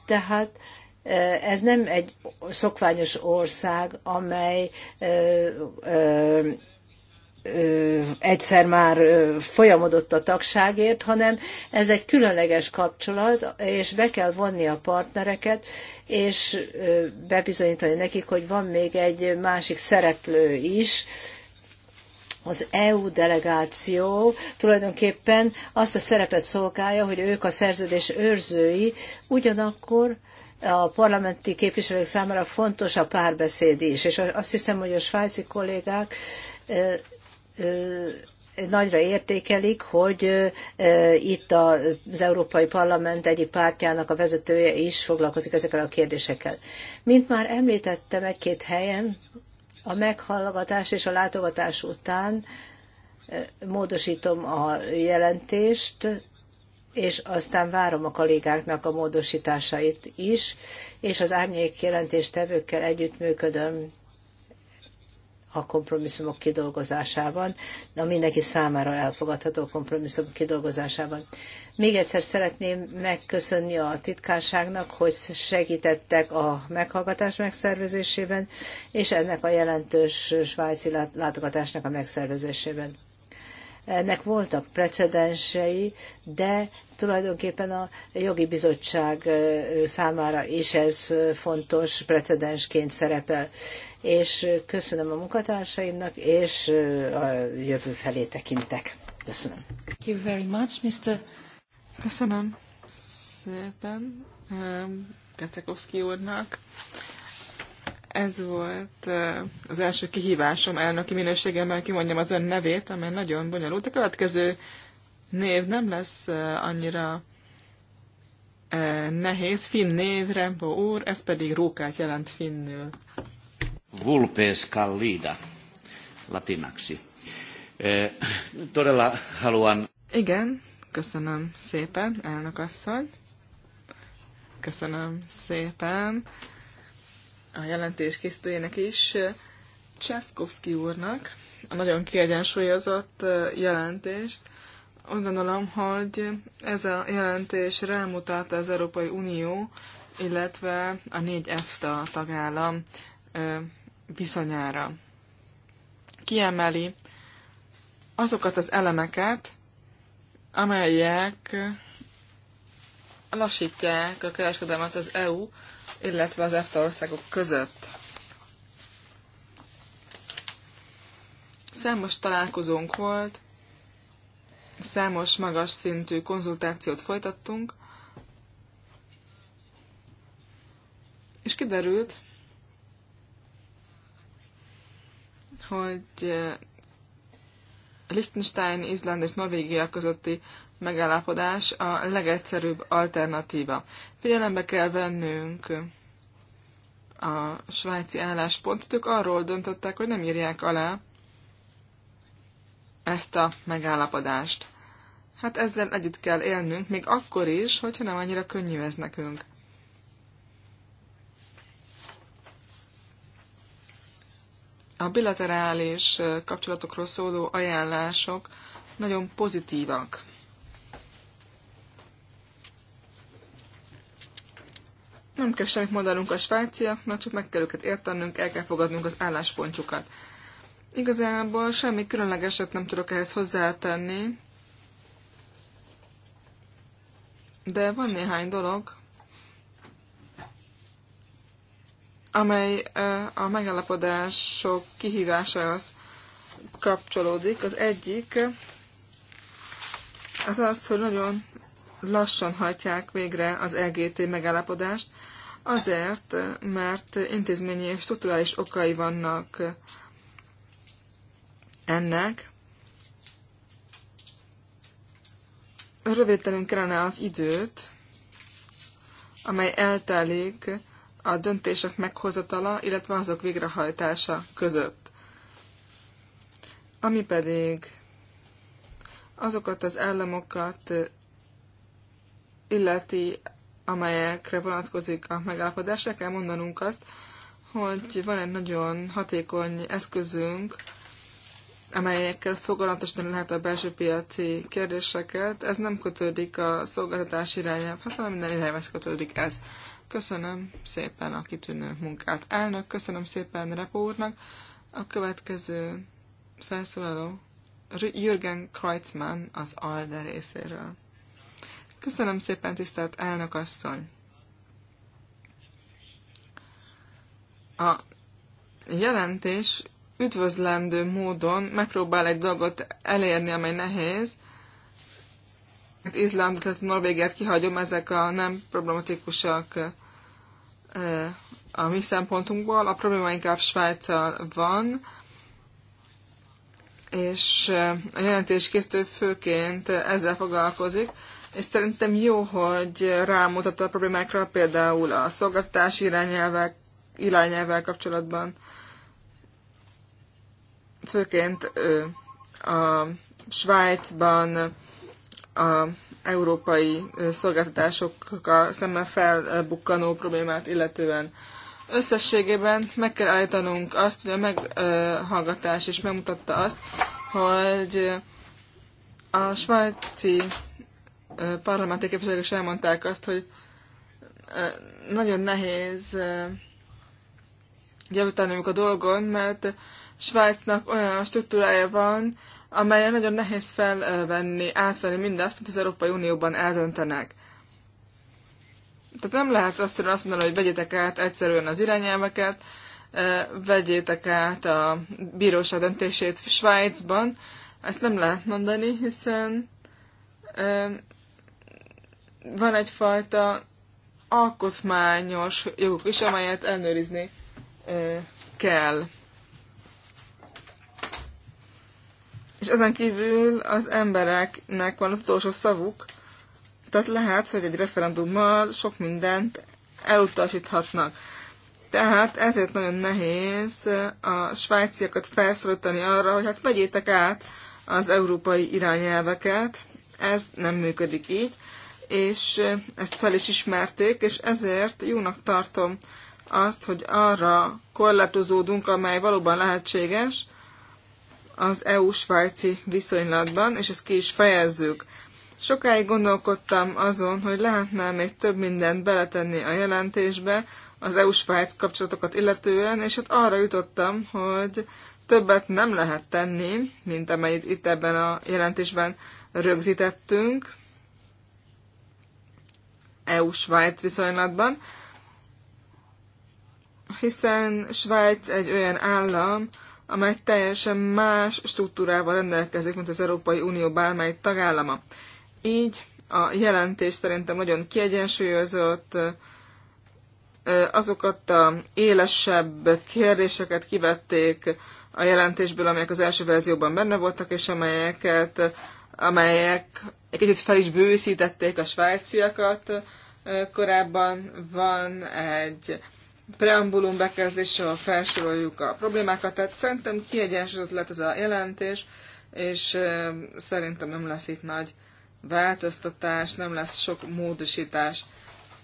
Tehát ez nem egy szokványos ország, amely egyszer már folyamodott a tagságért, hanem ez egy különleges kapcsolat, és be kell vonni a partnereket, és bebizonyítani nekik, hogy van még egy másik szereplő is, az EU delegáció tulajdonképpen azt a szerepet szolgálja, hogy ők a szerződés őrzői, ugyanakkor a parlamenti képviselők számára fontos a párbeszéd is. És azt hiszem, hogy a svájci kollégák nagyra értékelik, hogy itt az Európai Parlament egyik pártjának a vezetője is foglalkozik ezekkel a kérdésekkel. Mint már említettem egy-két helyen, a meghallgatás és a látogatás után módosítom a jelentést, és aztán várom a kollégáknak a módosításait is, és az árnyék jelentéstevőkkel együttműködöm a kompromisszumok kidolgozásában, a mindenki számára elfogadható kompromisszumok kidolgozásában. Még egyszer szeretném megköszönni a titkárságnak, hogy segítettek a meghallgatás megszervezésében, és ennek a jelentős svájci látogatásnak a megszervezésében ennek voltak precedensei, de tulajdonképpen a jogi bizottság számára is ez fontos precedensként szerepel. És köszönöm a munkatársaimnak, és a jövő felé tekintek. Köszönöm. Thank you very much, Mr. Köszönöm szépen Gacekovszki úrnak ez volt az első kihívásom elnöki minőségemben, kimondjam az ön nevét, amely nagyon bonyolult. A következő név nem lesz annyira nehéz. Finn név, Rembo úr, ez pedig rókát jelent finnül. Vulpes Kallida, latinaxi. Torella haluan... Igen, köszönöm szépen, elnök asszony. Köszönöm szépen a jelentés készítőjének is, Császkowski úrnak a nagyon kiegyensúlyozott jelentést. Úgy gondolom, hogy ez a jelentés rámutat az Európai Unió, illetve a négy EFTA tagállam viszonyára. Kiemeli azokat az elemeket, amelyek lassítják a kereskedelmet az EU illetve az EFTA országok között. Számos találkozónk volt, számos magas szintű konzultációt folytattunk, és kiderült, hogy Liechtenstein, Izland és Norvégia közötti megállapodás a legegyszerűbb alternatíva. Figyelembe kell vennünk a svájci álláspontot. Ők arról döntöttek, hogy nem írják alá ezt a megállapodást. Hát ezzel együtt kell élnünk, még akkor is, hogyha nem annyira könnyű ez nekünk. A bilaterális kapcsolatokról szóló ajánlások nagyon pozitívak. Nem kell semmit mondanunk a svájciaknak, csak meg kell őket értenünk, el kell fogadnunk az álláspontjukat. Igazából semmi különlegeset nem tudok ehhez hozzátenni, de van néhány dolog, amely a megállapodások kihívásához kapcsolódik. Az egyik az az, hogy nagyon lassan hajtják végre az LGT megállapodást, azért, mert intézményi és strukturális okai vannak ennek. Rövidítenünk kellene az időt, amely eltelik a döntések meghozatala, illetve azok végrehajtása között. Ami pedig azokat az államokat illeti, amelyekre vonatkozik a megállapodás, kell mondanunk azt, hogy van egy nagyon hatékony eszközünk, amelyekkel fogalmatosan lehet a belső piaci kérdéseket. Ez nem kötődik a szolgáltatás irányába, hanem minden irányhoz kötődik ez. Köszönöm szépen a kitűnő munkát. Elnök, köszönöm szépen Repo úrnak. A következő felszólaló Jürgen Kreutzmann az ALDE részéről. Köszönöm szépen, tisztelt elnök asszony! A jelentés üdvözlendő módon megpróbál egy dolgot elérni, amely nehéz. Hát Izlandot, tehát Norvégiát kihagyom, ezek a nem problematikusak a mi szempontunkból. A probléma inkább Svájccal van, és a jelentés készítő főként ezzel foglalkozik és szerintem jó, hogy rámutat a problémákra, például a szolgáltatás irányelvek, irányelvvel kapcsolatban, főként a Svájcban a európai szolgáltatásokkal szemben felbukkanó problémát illetően. Összességében meg kell állítanunk azt, hogy a meghallgatás is megmutatta azt, hogy a svájci parlamenti képviselők is elmondták azt, hogy nagyon nehéz javítaniuk a dolgon, mert Svájcnak olyan struktúrája van, amelyen nagyon nehéz felvenni, átvenni mindazt, amit az Európai Unióban eldöntenek. Tehát nem lehet azt, azt mondani, hogy vegyétek át egyszerűen az irányelveket, vegyétek át a bíróság döntését Svájcban. Ezt nem lehet mondani, hiszen van egyfajta alkotmányos joguk is, amelyet ellenőrizni kell. És ezen kívül az embereknek van az utolsó szavuk, tehát lehet, hogy egy referendummal sok mindent elutasíthatnak. Tehát ezért nagyon nehéz a svájciakat felszólítani arra, hogy hát vegyétek át az európai irányelveket. Ez nem működik így és ezt fel is ismerték, és ezért jónak tartom azt, hogy arra korlátozódunk, amely valóban lehetséges az EU-svájci viszonylatban, és ezt ki is fejezzük. Sokáig gondolkodtam azon, hogy lehetne még több mindent beletenni a jelentésbe az EU-Svájc kapcsolatokat illetően, és hát arra jutottam, hogy többet nem lehet tenni, mint amennyit itt ebben a jelentésben rögzítettünk, EU-Svájc viszonylatban, hiszen Svájc egy olyan állam, amely teljesen más struktúrával rendelkezik, mint az Európai Unió bármely tagállama. Így a jelentés szerintem nagyon kiegyensúlyozott, azokat a élesebb kérdéseket kivették a jelentésből, amelyek az első verzióban benne voltak, és amelyeket amelyek egy kicsit fel is bőszítették a svájciakat. Korábban van egy preambulum bekezdés, ahol felsoroljuk a problémákat, tehát szerintem kiegyensúlyozott lett ez a jelentés, és szerintem nem lesz itt nagy változtatás, nem lesz sok módosítás.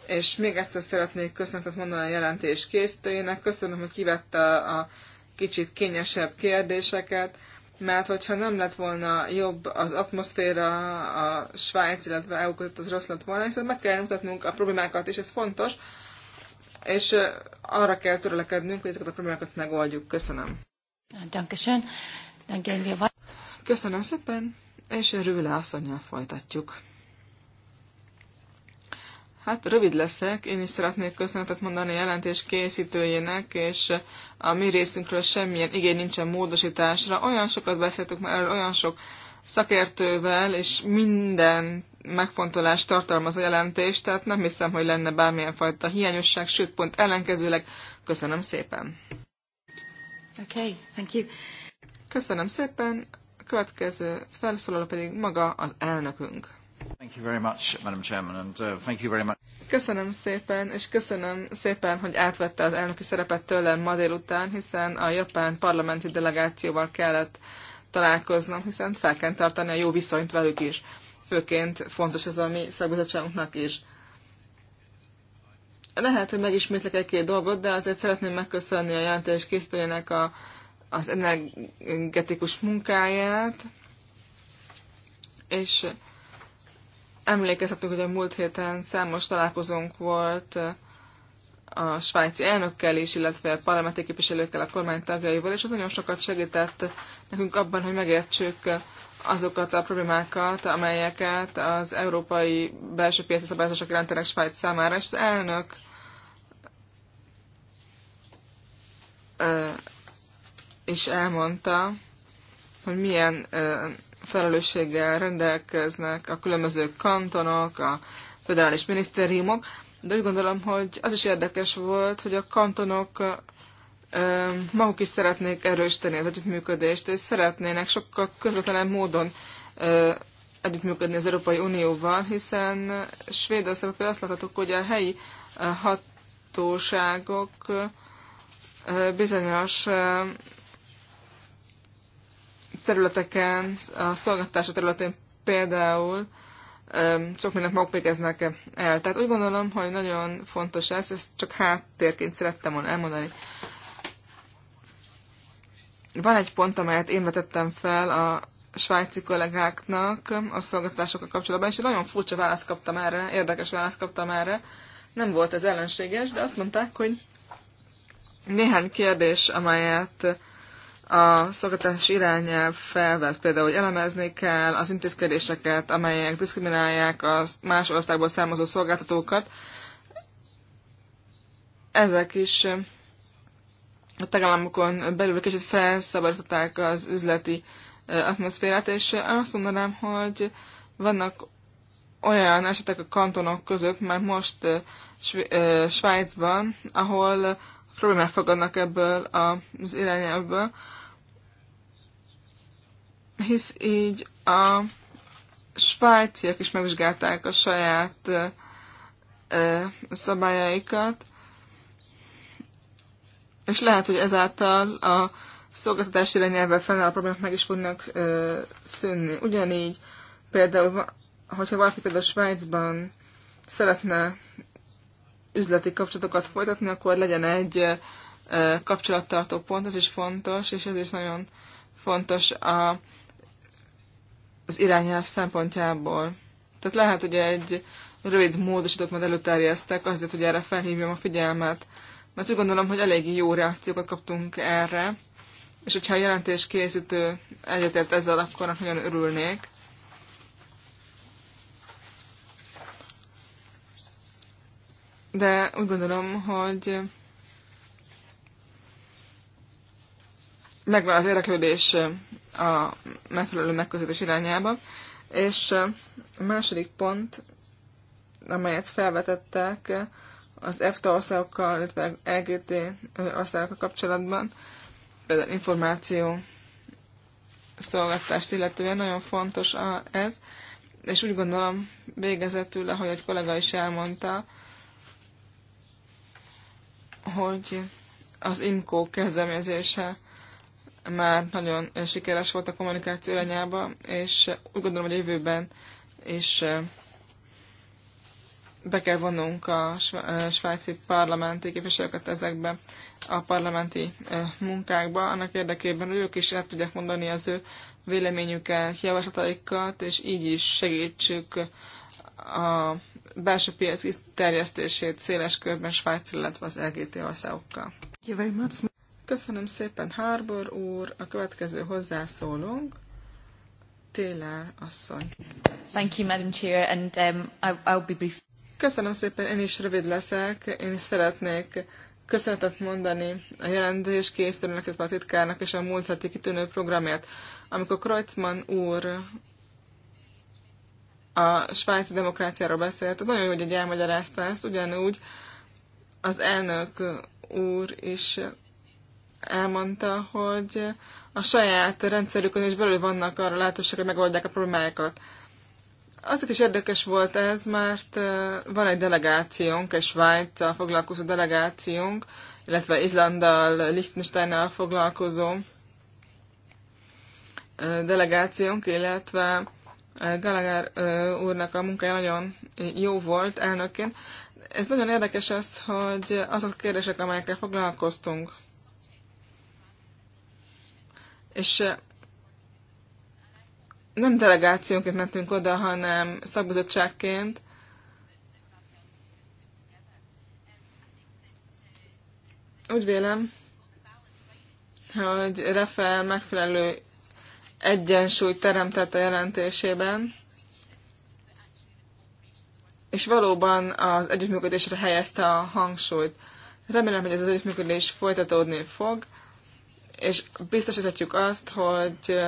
És még egyszer szeretnék köszönetet mondani a jelentés készítőjének, köszönöm, hogy kivette a kicsit kényesebb kérdéseket, mert hogyha nem lett volna jobb az atmoszféra a Svájc, illetve EU között, az rossz lett volna, hiszen meg kell mutatnunk a problémákat, és ez fontos, és arra kell törlekednünk, hogy ezeket a problémákat megoldjuk. Köszönöm. Köszönöm szépen, és Rőle asszonyjal folytatjuk. Hát rövid leszek, én is szeretnék köszönetet mondani a jelentés készítőjének, és a mi részünkről semmilyen igény nincsen módosításra. Olyan sokat beszéltük már erről, olyan sok szakértővel, és minden megfontolás tartalmaz a jelentés, tehát nem hiszem, hogy lenne bármilyen fajta hiányosság, sőt, pont ellenkezőleg. Köszönöm szépen! Okay, thank you. Köszönöm szépen, a következő felszólaló pedig maga az elnökünk. Uh, köszönöm szépen, és köszönöm szépen, hogy átvette az elnöki szerepet tőlem ma délután, hiszen a japán parlamenti delegációval kellett találkoznom, hiszen fel kell tartani a jó viszonyt velük is. Főként fontos ez a mi szakbizottságunknak is. Lehet, hogy megismétlek egy-két dolgot, de azért szeretném megköszönni a jelentés készítőjének a, az energetikus munkáját, és Emlékezhetünk, hogy a múlt héten számos találkozónk volt a svájci elnökkel is, illetve a parlamenti képviselőkkel, a kormány tagjaival, és az nagyon sokat segített nekünk abban, hogy megértsük azokat a problémákat, amelyeket az európai belső piaci szabályozások jelentenek Svájc számára, és az elnök is elmondta, hogy milyen felelősséggel rendelkeznek a különböző kantonok, a föderális minisztériumok, de úgy gondolom, hogy az is érdekes volt, hogy a kantonok maguk is szeretnék erősíteni az együttműködést, és szeretnének sokkal közvetlenebb módon együttműködni az Európai Unióval, hiszen Svédországban azt láthatok, hogy a helyi hatóságok bizonyos területeken, a szolgáltatása területén például sok mindent maguk végeznek -e el. Tehát úgy gondolom, hogy nagyon fontos ez, ezt csak háttérként szerettem volna elmondani. Van egy pont, amelyet én vetettem fel a svájci kollégáknak a szolgáltatásokkal kapcsolatban, és nagyon furcsa választ kaptam erre, érdekes választ kaptam erre. Nem volt ez ellenséges, de azt mondták, hogy néhány kérdés, amelyet a szolgáltatás irányelv felvet, például, hogy elemezni kell az intézkedéseket, amelyek diszkriminálják a más országból származó szolgáltatókat. Ezek is a tagállamokon belül kicsit felszabadították az üzleti atmoszférát, és azt mondanám, hogy vannak olyan esetek a kantonok között, már most Svájcban, ahol problémák fogadnak ebből az irányelvből, hisz így a svájciak is megvizsgálták a saját ö, ö, szabályaikat, és lehet, hogy ezáltal a szolgáltatási irányelvvel fennálló problémák meg is fognak ö, szűnni. Ugyanígy például, hogyha valaki például Svájcban szeretne üzleti kapcsolatokat folytatni, akkor legyen egy kapcsolattartó pont, ez is fontos, és ez is nagyon fontos a az irányelv szempontjából. Tehát lehet, hogy egy rövid módosítót majd előterjesztek, azért, hogy erre felhívjam a figyelmet. Mert úgy gondolom, hogy eléggé jó reakciókat kaptunk erre, és hogyha a jelentés készítő egyetért ezzel, akkor nagyon örülnék. De úgy gondolom, hogy megvan az érdeklődés a megfelelő megközelítés irányába. És a második pont, amelyet felvetettek az EFTA országokkal, illetve LGT e országokkal kapcsolatban, például információ szolgáltást illetően nagyon fontos ez, és úgy gondolom végezetül, ahogy egy kollega is elmondta, hogy az IMCO kezdeményezése már nagyon eh, sikeres volt a kommunikáció irányába, és eh, úgy gondolom, hogy a jövőben is eh, be kell vonnunk a svájci parlamenti képviselőket ezekbe a parlamenti munkákba, annak érdekében, hogy ők is el tudják mondani az ő véleményüket, javaslataikat, és így is segítsük a belső piac terjesztését széles körben Svájc, illetve az LGT országokkal. Köszönöm szépen, Harbor úr. A következő hozzászólunk. Taylor asszony. Thank you, Madam Chair, and um, I'll be brief. Köszönöm szépen, én is rövid leszek. Én is szeretnék köszönetet mondani a jelentés készítőnek, a titkárnak és a múlt heti kitűnő programért. Amikor Kreutzmann úr a svájci demokráciáról beszélt, az nagyon jó, hogy elmagyarázta ezt, ugyanúgy az elnök úr is elmondta, hogy a saját rendszerükön is belül vannak arra lehetőségek, hogy megoldják a problémáikat. Azért is érdekes volt ez, mert van egy delegációnk, egy svájc foglalkozó delegációnk, illetve Izlandal, Liechtensteinnel foglalkozó delegációnk, illetve Gallagher úrnak a munkája nagyon jó volt elnökként. Ez nagyon érdekes az, hogy azok a kérdések, amelyekkel foglalkoztunk, és eh, nem delegációként mentünk oda, hanem szakbizottságként. Úgy vélem, hogy Rafael megfelelő egyensúlyt teremtett a jelentésében, és valóban az együttműködésre helyezte a hangsúlyt. Remélem, hogy ez az együttműködés folytatódni fog, és biztosíthatjuk azt, hogy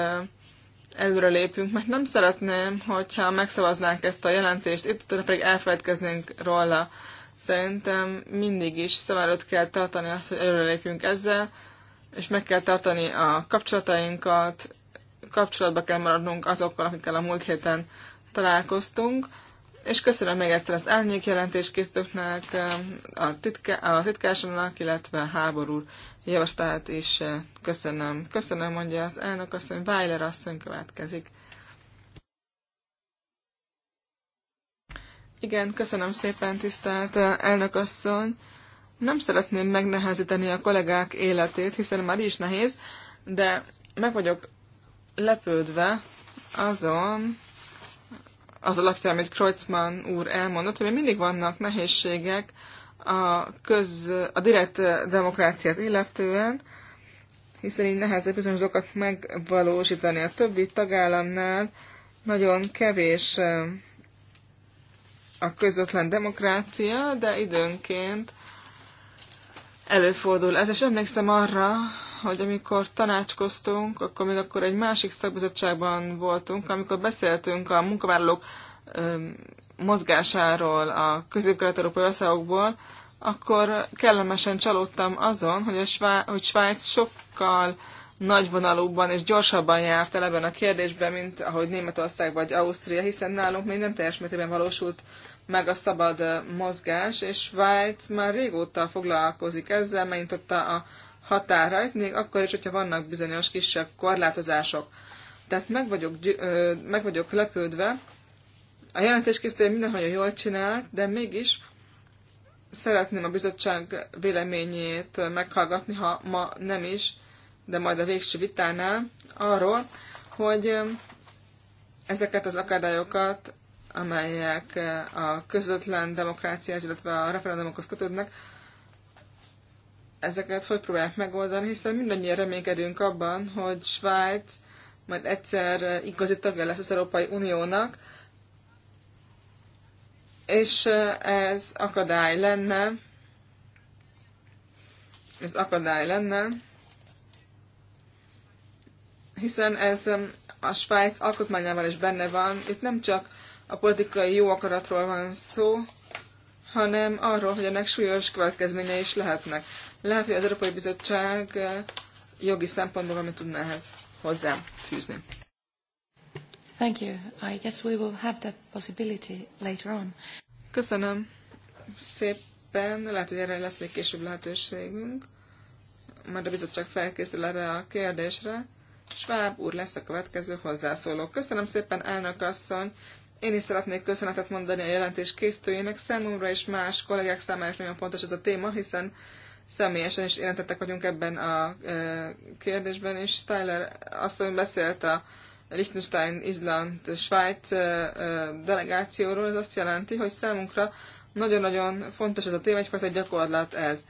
előre lépünk, mert nem szeretném, hogyha megszavaznánk ezt a jelentést, itt utána pedig elfelejtkeznénk róla. Szerintem mindig is szem előtt kell tartani azt, hogy előre lépjünk ezzel, és meg kell tartani a kapcsolatainkat, kapcsolatba kell maradnunk azokkal, akikkel a múlt héten találkoztunk, és köszönöm még egyszer az elnyék jelentéskészítőknek, a, titká, a titkársának, illetve háború javaslatát is köszönöm. Köszönöm, mondja az elnök asszony, Weiler asszony következik. Igen, köszönöm szépen, tisztelt elnök asszony. Nem szeretném megnehezíteni a kollégák életét, hiszen már is nehéz, de meg vagyok lepődve azon, az alapján, amit Kreutzmann úr elmondott, hogy mindig vannak nehézségek a, köz, a direkt demokráciát illetően, hiszen így nehezebb bizonyos dolgokat megvalósítani. A többi tagállamnál nagyon kevés a közvetlen demokrácia, de időnként előfordul ez, és emlékszem arra, hogy amikor tanácskoztunk, akkor még akkor egy másik szakbizottságban voltunk, amikor beszéltünk a munkavállalók mozgásáról a közép-kelet-európai országokból, akkor kellemesen csalódtam azon, hogy, a Svá- hogy Svájc sokkal nagyvonalúbban és gyorsabban járt el ebben a kérdésben, mint ahogy Németország vagy Ausztria, hiszen nálunk még nem teljes mértékben valósult meg a szabad mozgás, és Svájc már régóta foglalkozik ezzel, megnyitotta a határait, még akkor is, hogyha vannak bizonyos kisebb korlátozások. Tehát meg vagyok, meg vagyok lepődve. A jelentéskészítő minden nagyon jól csinált, de mégis szeretném a bizottság véleményét meghallgatni, ha ma nem is, de majd a végső vitánál arról, hogy ezeket az akadályokat, amelyek a közvetlen demokráciához, illetve a referendumokhoz kötődnek, ezeket hogy próbálják megoldani, hiszen mindannyian reménykedünk abban, hogy Svájc majd egyszer igazi tagja lesz az Európai Uniónak, és ez akadály lenne, ez akadály lenne, hiszen ez a Svájc alkotmányával is benne van. Itt nem csak a politikai jó akaratról van szó, hanem arról, hogy ennek súlyos következményei is lehetnek. Lehet, hogy az Európai Bizottság jogi szempontból valamit tudná ehhez fűzni. Thank you. I guess we will have that possibility later on. Köszönöm szépen. Lehet, hogy erre lesz még később lehetőségünk. Majd a bizottság felkészül erre a kérdésre. Schwab úr lesz a következő hozzászóló. Köszönöm szépen, elnök asszony. Én is szeretnék köszönetet mondani a jelentés készítőjének. Számomra és más kollégák számára is nagyon fontos ez a téma, hiszen személyesen is érintettek vagyunk ebben a kérdésben, és Tyler mondja, beszélt a Liechtenstein, Island, Svájc delegációról, ez azt jelenti, hogy számunkra nagyon-nagyon fontos ez a téma, egyfajta gyakorlat ez.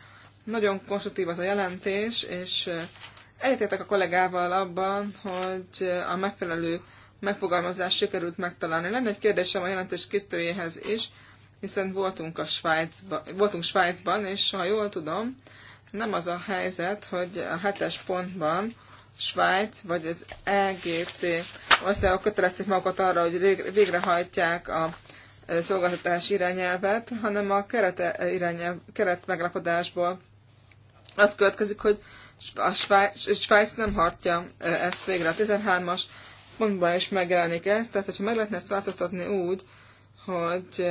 Nagyon konstruktív az a jelentés, és egyetértek a kollégával abban, hogy a megfelelő megfogalmazás sikerült megtalálni. Lenne egy kérdésem a jelentés készítőjéhez is, hiszen voltunk a Svájcban, voltunk Svájcban, és ha jól tudom, nem az a helyzet, hogy a hetes pontban Svájc vagy az EGT országok kötelezték magukat arra, hogy végrehajtják a szolgáltatás irányelvet, hanem a keret irányelv, keret meglapodásból az következik, hogy a Svájc, Svájc nem hartja ezt végre. A 13-as pontban is megjelenik ez, tehát hogyha meg lehetne ezt változtatni úgy, hogy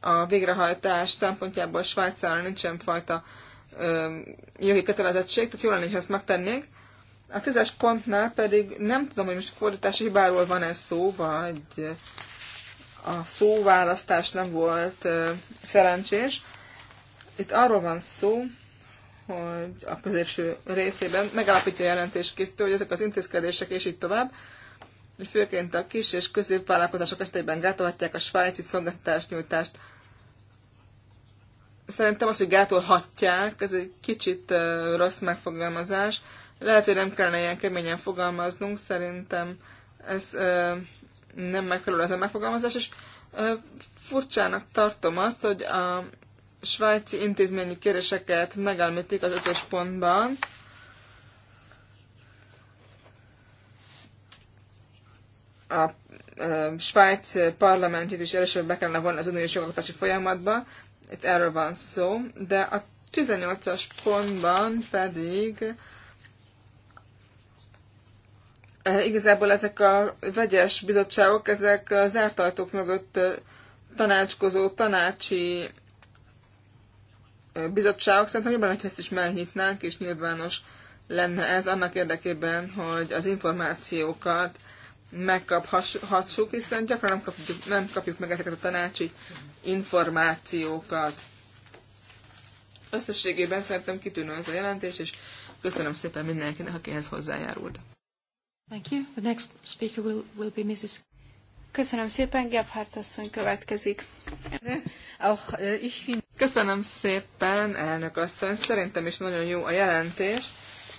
a végrehajtás szempontjából Svájcára nincsen fajta ö, jogi kötelezettség, tehát jól lenne, ha ezt megtennénk. A tízes pontnál pedig nem tudom, hogy most fordítási hibáról van-e szó, vagy a szóválasztás nem volt ö, szerencsés. Itt arról van szó, hogy a középső részében megállapítja a jelentéskészítő, hogy ezek az intézkedések és így tovább hogy főként a kis és középvállalkozások esetében gátolhatják a svájci szolgáltatásnyújtást. Szerintem az, hogy gátolhatják, ez egy kicsit rossz megfogalmazás. Lehet, hogy nem kellene ilyen keményen fogalmaznunk, szerintem ez nem megfelelő ez a megfogalmazás, és furcsának tartom azt, hogy a svájci intézményi kéréseket megelmítik az ötös pontban, a Svájc parlamentjét is erősen be kellene vonni az uniós jogalkotási folyamatba, itt erről van szó, de a 18-as pontban pedig igazából ezek a vegyes bizottságok, ezek zárt ajtók mögött tanácskozó, tanácsi bizottságok, szerintem jobban, hogy ezt is megnyitnánk, és nyilvános lenne ez annak érdekében, hogy az információkat megkaphassuk, hiszen gyakran nem kapjuk, nem kapjuk meg ezeket a tanácsi információkat. Összességében szerintem kitűnő ez a jelentés, és köszönöm szépen mindenkinek, aki ehhez hozzájárult. Thank you. The next speaker will, will be Mrs. Köszönöm szépen, Gebhardt asszony következik. Äh, köszönöm szépen, elnök asszony. Szerintem is nagyon jó a jelentés,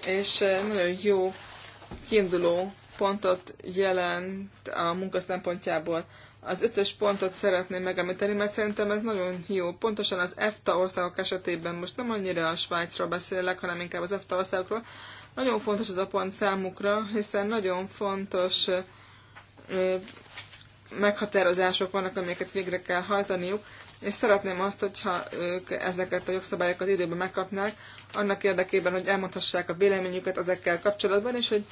és nagyon jó kiinduló pontot jelent a munka szempontjából. Az ötös pontot szeretném megemlíteni, mert szerintem ez nagyon jó. Pontosan az EFTA országok esetében most nem annyira a Svájcról beszélek, hanem inkább az EFTA országokról. Nagyon fontos ez a pont számukra, hiszen nagyon fontos meghatározások vannak, amiket végre kell hajtaniuk, és szeretném azt, hogyha ők ezeket a jogszabályokat időben megkapnák, annak érdekében, hogy elmondhassák a véleményüket ezekkel kapcsolatban, és hogy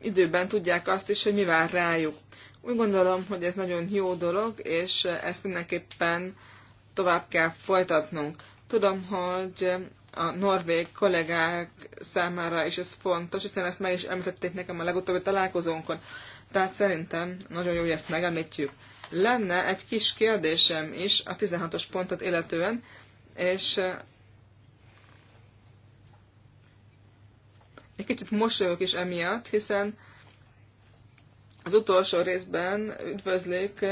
időben tudják azt is, hogy mi vár rájuk. Úgy gondolom, hogy ez nagyon jó dolog, és ezt mindenképpen tovább kell folytatnunk. Tudom, hogy a norvég kollégák számára is ez fontos, hiszen ezt meg is említették nekem a legutóbbi találkozónkon. Tehát szerintem nagyon jó, hogy ezt megemlítjük. Lenne egy kis kérdésem is a 16-os pontot illetően, és egy kicsit mosolyog is emiatt, hiszen az utolsó részben üdvözlik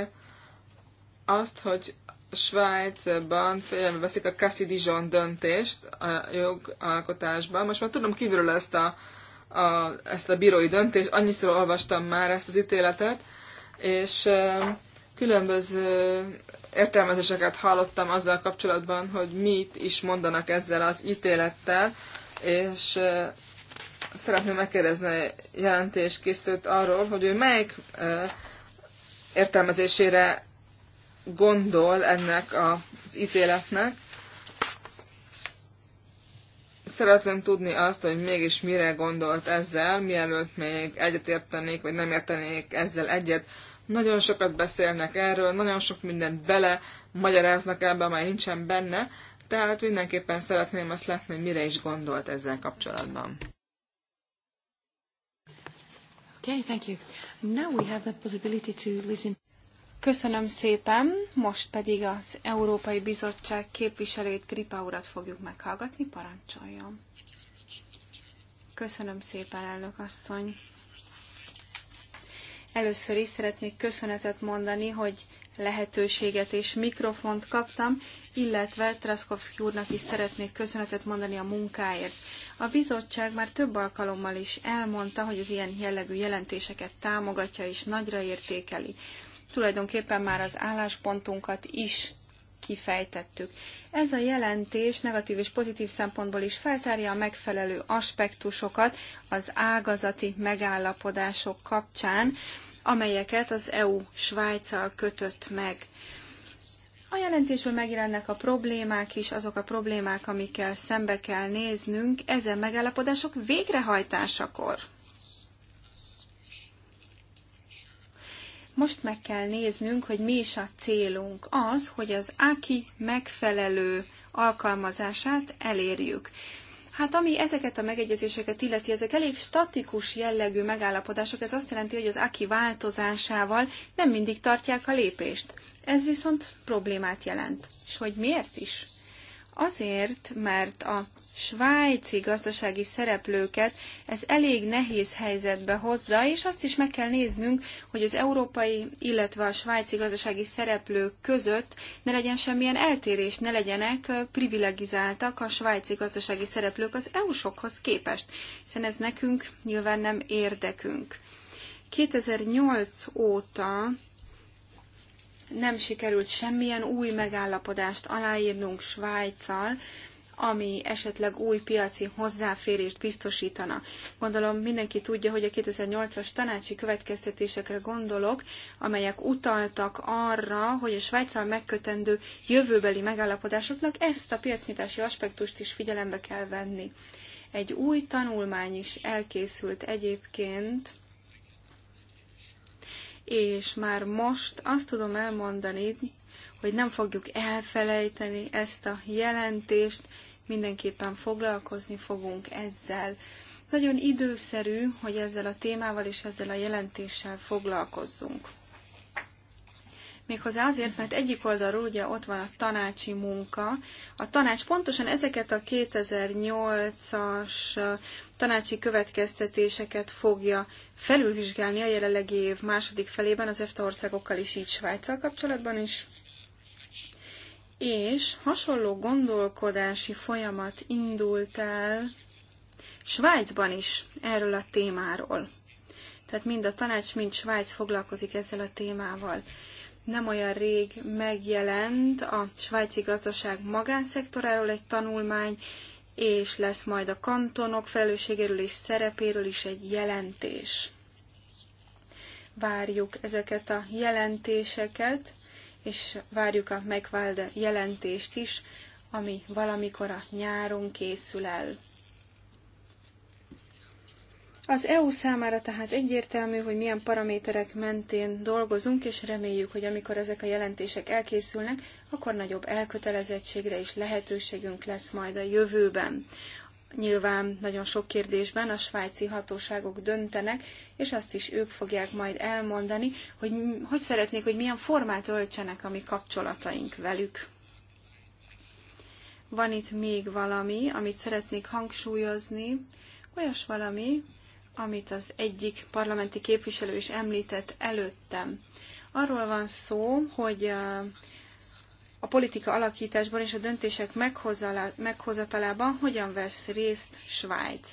azt, hogy Svájcban figyelembe veszik a Cassi Dijon döntést a jogalkotásban. Most már tudom kívülről ezt a, a, ezt a bírói döntést, annyiszor olvastam már ezt az ítéletet, és különböző értelmezéseket hallottam azzal kapcsolatban, hogy mit is mondanak ezzel az ítélettel, és szeretném megkérdezni a jelentéskészítőt arról, hogy ő melyik értelmezésére gondol ennek az ítéletnek. Szeretném tudni azt, hogy mégis mire gondolt ezzel, mielőtt még egyet értenék, vagy nem értenék ezzel egyet. Nagyon sokat beszélnek erről, nagyon sok mindent bele magyaráznak ebbe, amely nincsen benne, tehát mindenképpen szeretném azt látni, hogy mire is gondolt ezzel kapcsolatban. Okay, thank you. Now we have the possibility to listen. Köszönöm szépen, most pedig az Európai Bizottság képviselőjét Gripa urat fogjuk meghallgatni, parancsoljon. Köszönöm szépen, elnök asszony. Először is szeretnék köszönetet mondani, hogy lehetőséget és mikrofont kaptam, illetve Traszkowski úrnak is szeretnék köszönetet mondani a munkáért. A bizottság már több alkalommal is elmondta, hogy az ilyen jellegű jelentéseket támogatja és nagyra értékeli. Tulajdonképpen már az álláspontunkat is kifejtettük. Ez a jelentés negatív és pozitív szempontból is feltárja a megfelelő aspektusokat az ágazati megállapodások kapcsán, amelyeket az EU Svájccal kötött meg. A jelentésben megjelennek a problémák is, azok a problémák, amikkel szembe kell néznünk ezen megállapodások végrehajtásakor. Most meg kell néznünk, hogy mi is a célunk. Az, hogy az AKI megfelelő alkalmazását elérjük. Hát ami ezeket a megegyezéseket illeti, ezek elég statikus jellegű megállapodások, ez azt jelenti, hogy az aki változásával nem mindig tartják a lépést. Ez viszont problémát jelent. És hogy miért is? Azért, mert a svájci gazdasági szereplőket ez elég nehéz helyzetbe hozza, és azt is meg kell néznünk, hogy az európai, illetve a svájci gazdasági szereplők között ne legyen semmilyen eltérés, ne legyenek privilegizáltak a svájci gazdasági szereplők az EU-sokhoz képest, hiszen ez nekünk nyilván nem érdekünk. 2008 óta nem sikerült semmilyen új megállapodást aláírnunk Svájccal, ami esetleg új piaci hozzáférést biztosítana. Gondolom mindenki tudja, hogy a 2008-as tanácsi következtetésekre gondolok, amelyek utaltak arra, hogy a Svájccal megkötendő jövőbeli megállapodásoknak ezt a piacnyitási aspektust is figyelembe kell venni. Egy új tanulmány is elkészült egyébként, és már most azt tudom elmondani, hogy nem fogjuk elfelejteni ezt a jelentést, mindenképpen foglalkozni fogunk ezzel. Nagyon időszerű, hogy ezzel a témával és ezzel a jelentéssel foglalkozzunk. Méghozzá azért, mert egyik oldalról ugye ott van a tanácsi munka. A tanács pontosan ezeket a 2008-as tanácsi következtetéseket fogja felülvizsgálni a jelenlegi év második felében az EFTA országokkal is, így Svájccal kapcsolatban is. És hasonló gondolkodási folyamat indult el Svájcban is erről a témáról. Tehát mind a tanács, mind Svájc foglalkozik ezzel a témával nem olyan rég megjelent a svájci gazdaság magánszektoráról egy tanulmány, és lesz majd a kantonok felelősségéről és szerepéről is egy jelentés. Várjuk ezeket a jelentéseket, és várjuk a megváld jelentést is, ami valamikor a nyáron készül el. Az EU számára tehát egyértelmű, hogy milyen paraméterek mentén dolgozunk, és reméljük, hogy amikor ezek a jelentések elkészülnek, akkor nagyobb elkötelezettségre és lehetőségünk lesz majd a jövőben. Nyilván nagyon sok kérdésben a svájci hatóságok döntenek, és azt is ők fogják majd elmondani, hogy hogy szeretnék, hogy milyen formát öltsenek a mi kapcsolataink velük. Van itt még valami, amit szeretnék hangsúlyozni, olyas valami, amit az egyik parlamenti képviselő is említett előttem. Arról van szó, hogy a politika alakításban és a döntések meghozatalában hogyan vesz részt Svájc.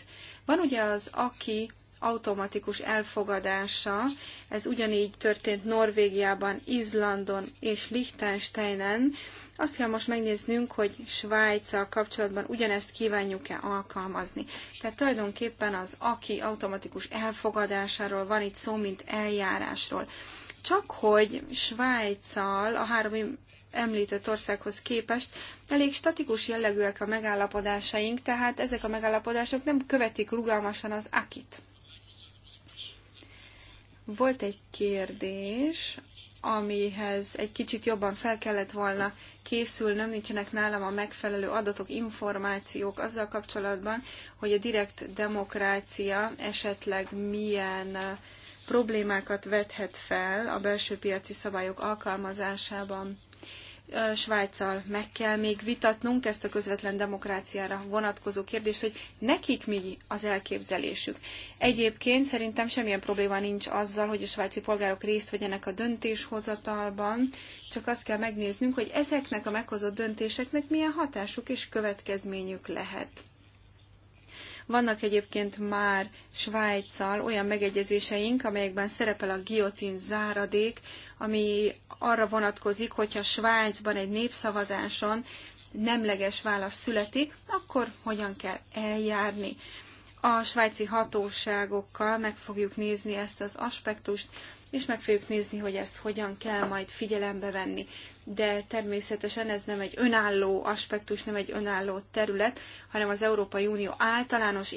Van ugye az aki automatikus elfogadása, ez ugyanígy történt Norvégiában, Izlandon és Liechtensteinen, azt kell most megnéznünk, hogy Svájccal kapcsolatban ugyanezt kívánjuk-e alkalmazni. Tehát tulajdonképpen az aki automatikus elfogadásáról van itt szó, mint eljárásról. Csak hogy Svájccal a három említett országhoz képest elég statikus jellegűek a megállapodásaink, tehát ezek a megállapodások nem követik rugalmasan az akit. Volt egy kérdés amihez egy kicsit jobban fel kellett volna készülnöm, nincsenek nálam a megfelelő adatok, információk azzal kapcsolatban, hogy a direkt demokrácia esetleg milyen uh, problémákat vethet fel a belső piaci szabályok alkalmazásában. Svájccal meg kell még vitatnunk ezt a közvetlen demokráciára vonatkozó kérdést, hogy nekik mi az elképzelésük. Egyébként szerintem semmilyen probléma nincs azzal, hogy a svájci polgárok részt vegyenek a döntéshozatalban, csak azt kell megnéznünk, hogy ezeknek a meghozott döntéseknek milyen hatásuk és következményük lehet. Vannak egyébként már Svájccal olyan megegyezéseink, amelyekben szerepel a giotin záradék, ami arra vonatkozik, hogyha Svájcban egy népszavazáson nemleges válasz születik, akkor hogyan kell eljárni. A svájci hatóságokkal meg fogjuk nézni ezt az aspektust, és meg fogjuk nézni, hogy ezt hogyan kell majd figyelembe venni. De természetesen ez nem egy önálló aspektus, nem egy önálló terület, hanem az Európai Unió általános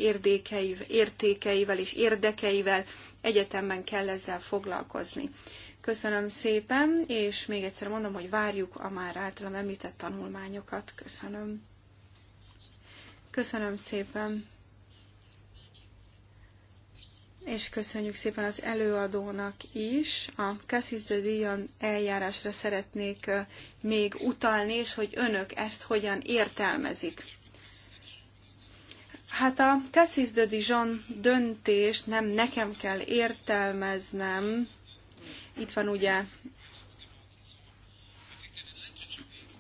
értékeivel és érdekeivel egyetemben kell ezzel foglalkozni. Köszönöm szépen, és még egyszer mondom, hogy várjuk a már általam említett tanulmányokat. Köszönöm. Köszönöm szépen és köszönjük szépen az előadónak is. A Cassis de Dion eljárásra szeretnék még utalni, és hogy önök ezt hogyan értelmezik. Hát a Cassis de Dijon döntést nem nekem kell értelmeznem. Itt van ugye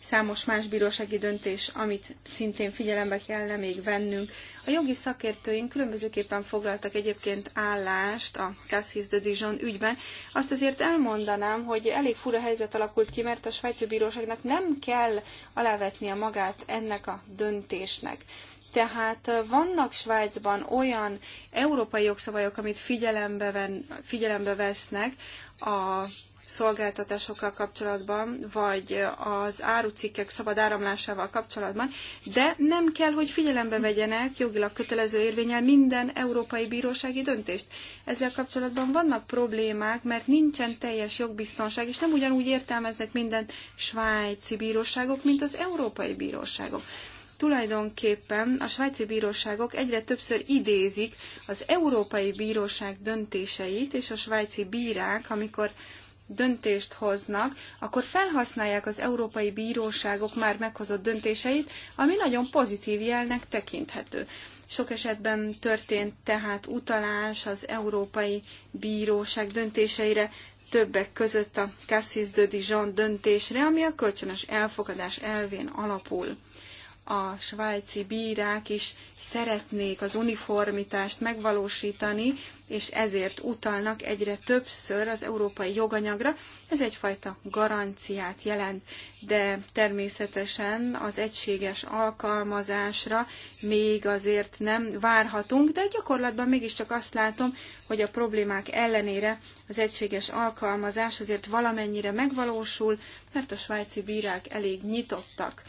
számos más bírósági döntés, amit szintén figyelembe kellene még vennünk. A jogi szakértőink különbözőképpen foglaltak egyébként állást a Cassis de Dijon ügyben. Azt azért elmondanám, hogy elég fura helyzet alakult ki, mert a svájci bíróságnak nem kell alávetnie magát ennek a döntésnek. Tehát vannak Svájcban olyan európai jogszabályok, amit figyelembe, ven, figyelembe vesznek a szolgáltatásokkal kapcsolatban, vagy az árucikkek szabad áramlásával kapcsolatban, de nem kell, hogy figyelembe vegyenek jogilag kötelező érvényel minden európai bírósági döntést. Ezzel kapcsolatban vannak problémák, mert nincsen teljes jogbiztonság, és nem ugyanúgy értelmeznek minden svájci bíróságok, mint az európai bíróságok tulajdonképpen a svájci bíróságok egyre többször idézik az Európai Bíróság döntéseit, és a svájci bírák, amikor döntést hoznak, akkor felhasználják az európai bíróságok már meghozott döntéseit, ami nagyon pozitív jelnek tekinthető. Sok esetben történt tehát utalás az Európai Bíróság döntéseire, többek között a Cassis de Dijon döntésre, ami a kölcsönös elfogadás elvén alapul a svájci bírák is szeretnék az uniformitást megvalósítani, és ezért utalnak egyre többször az európai joganyagra. Ez egyfajta garanciát jelent, de természetesen az egységes alkalmazásra még azért nem várhatunk, de gyakorlatban mégiscsak azt látom, hogy a problémák ellenére az egységes alkalmazás azért valamennyire megvalósul, mert a svájci bírák elég nyitottak.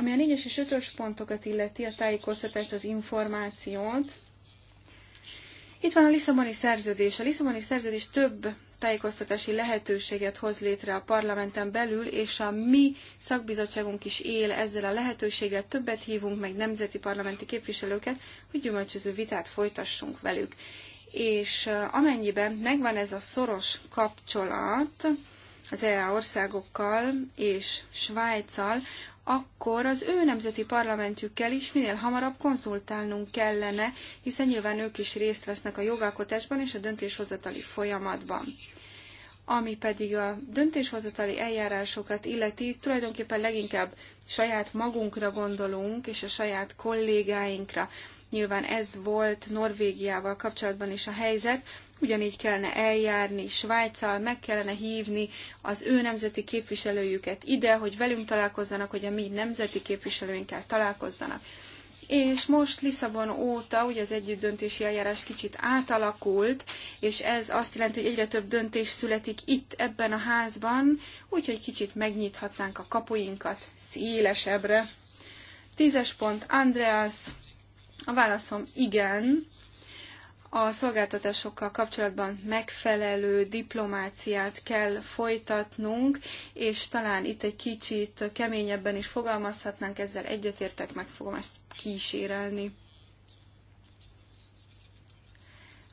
Ami a négyes és ötös pontokat illeti, a tájékoztatást, az információt, itt van a Lisszaboni szerződés. A Lisszaboni szerződés több tájékoztatási lehetőséget hoz létre a parlamenten belül, és a mi szakbizottságunk is él ezzel a lehetőséggel. Többet hívunk meg nemzeti parlamenti képviselőket, hogy gyümölcsöző vitát folytassunk velük. És amennyiben megvan ez a szoros kapcsolat az EA országokkal és Svájccal, akkor az ő nemzeti parlamentjükkel is minél hamarabb konzultálnunk kellene, hiszen nyilván ők is részt vesznek a jogalkotásban és a döntéshozatali folyamatban. Ami pedig a döntéshozatali eljárásokat illeti, tulajdonképpen leginkább saját magunkra gondolunk, és a saját kollégáinkra. Nyilván ez volt Norvégiával kapcsolatban is a helyzet, ugyanígy kellene eljárni Svájccal, meg kellene hívni az ő nemzeti képviselőjüket ide, hogy velünk találkozzanak, hogy a mi nemzeti képviselőinkkel találkozzanak. És most Lisszabon óta ugye az együttdöntési eljárás kicsit átalakult, és ez azt jelenti, hogy egyre több döntés születik itt ebben a házban, úgyhogy kicsit megnyithatnánk a kapuinkat szélesebbre. Tízes pont, Andreas. A válaszom igen a szolgáltatásokkal kapcsolatban megfelelő diplomáciát kell folytatnunk, és talán itt egy kicsit keményebben is fogalmazhatnánk, ezzel egyetértek, meg fogom ezt kísérelni.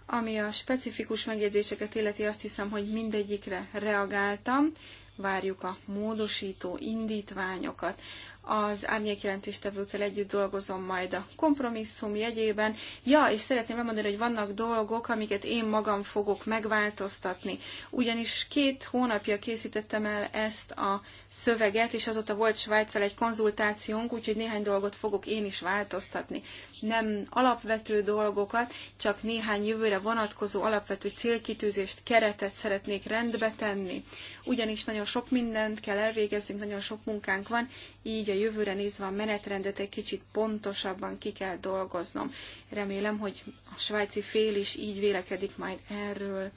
Ami a specifikus megjegyzéseket illeti, azt hiszem, hogy mindegyikre reagáltam, várjuk a módosító indítványokat az árnyékjelentéstevőkkel együtt dolgozom majd a kompromisszum jegyében. Ja, és szeretném elmondani, hogy vannak dolgok, amiket én magam fogok megváltoztatni. Ugyanis két hónapja készítettem el ezt a szöveget, és azóta volt Svájccal egy konzultációnk, úgyhogy néhány dolgot fogok én is változtatni. Nem alapvető dolgokat, csak néhány jövőre vonatkozó alapvető célkitűzést, keretet szeretnék rendbe tenni. Ugyanis nagyon sok mindent kell elvégeznünk, nagyon sok munkánk van, így a jövőre nézve a menetrendet egy kicsit pontosabban ki kell dolgoznom. Remélem, hogy a svájci fél is így vélekedik majd erről.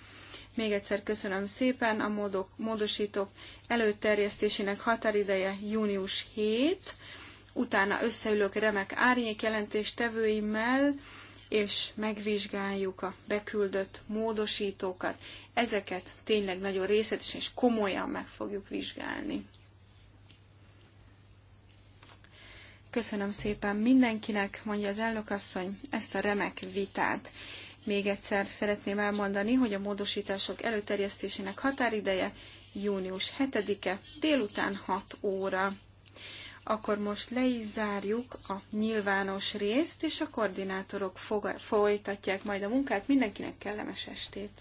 Még egyszer köszönöm szépen a módok, módosítók előterjesztésének határideje június 7, utána összeülök remek árnyék tevőimmel és megvizsgáljuk a beküldött módosítókat. Ezeket tényleg nagyon részletesen és komolyan meg fogjuk vizsgálni. Köszönöm szépen mindenkinek, mondja az elnökasszony, ezt a remek vitát. Még egyszer szeretném elmondani, hogy a módosítások előterjesztésének határideje június 7-e délután 6 óra. Akkor most le is zárjuk a nyilvános részt, és a koordinátorok folytatják majd a munkát. Mindenkinek kellemes estét!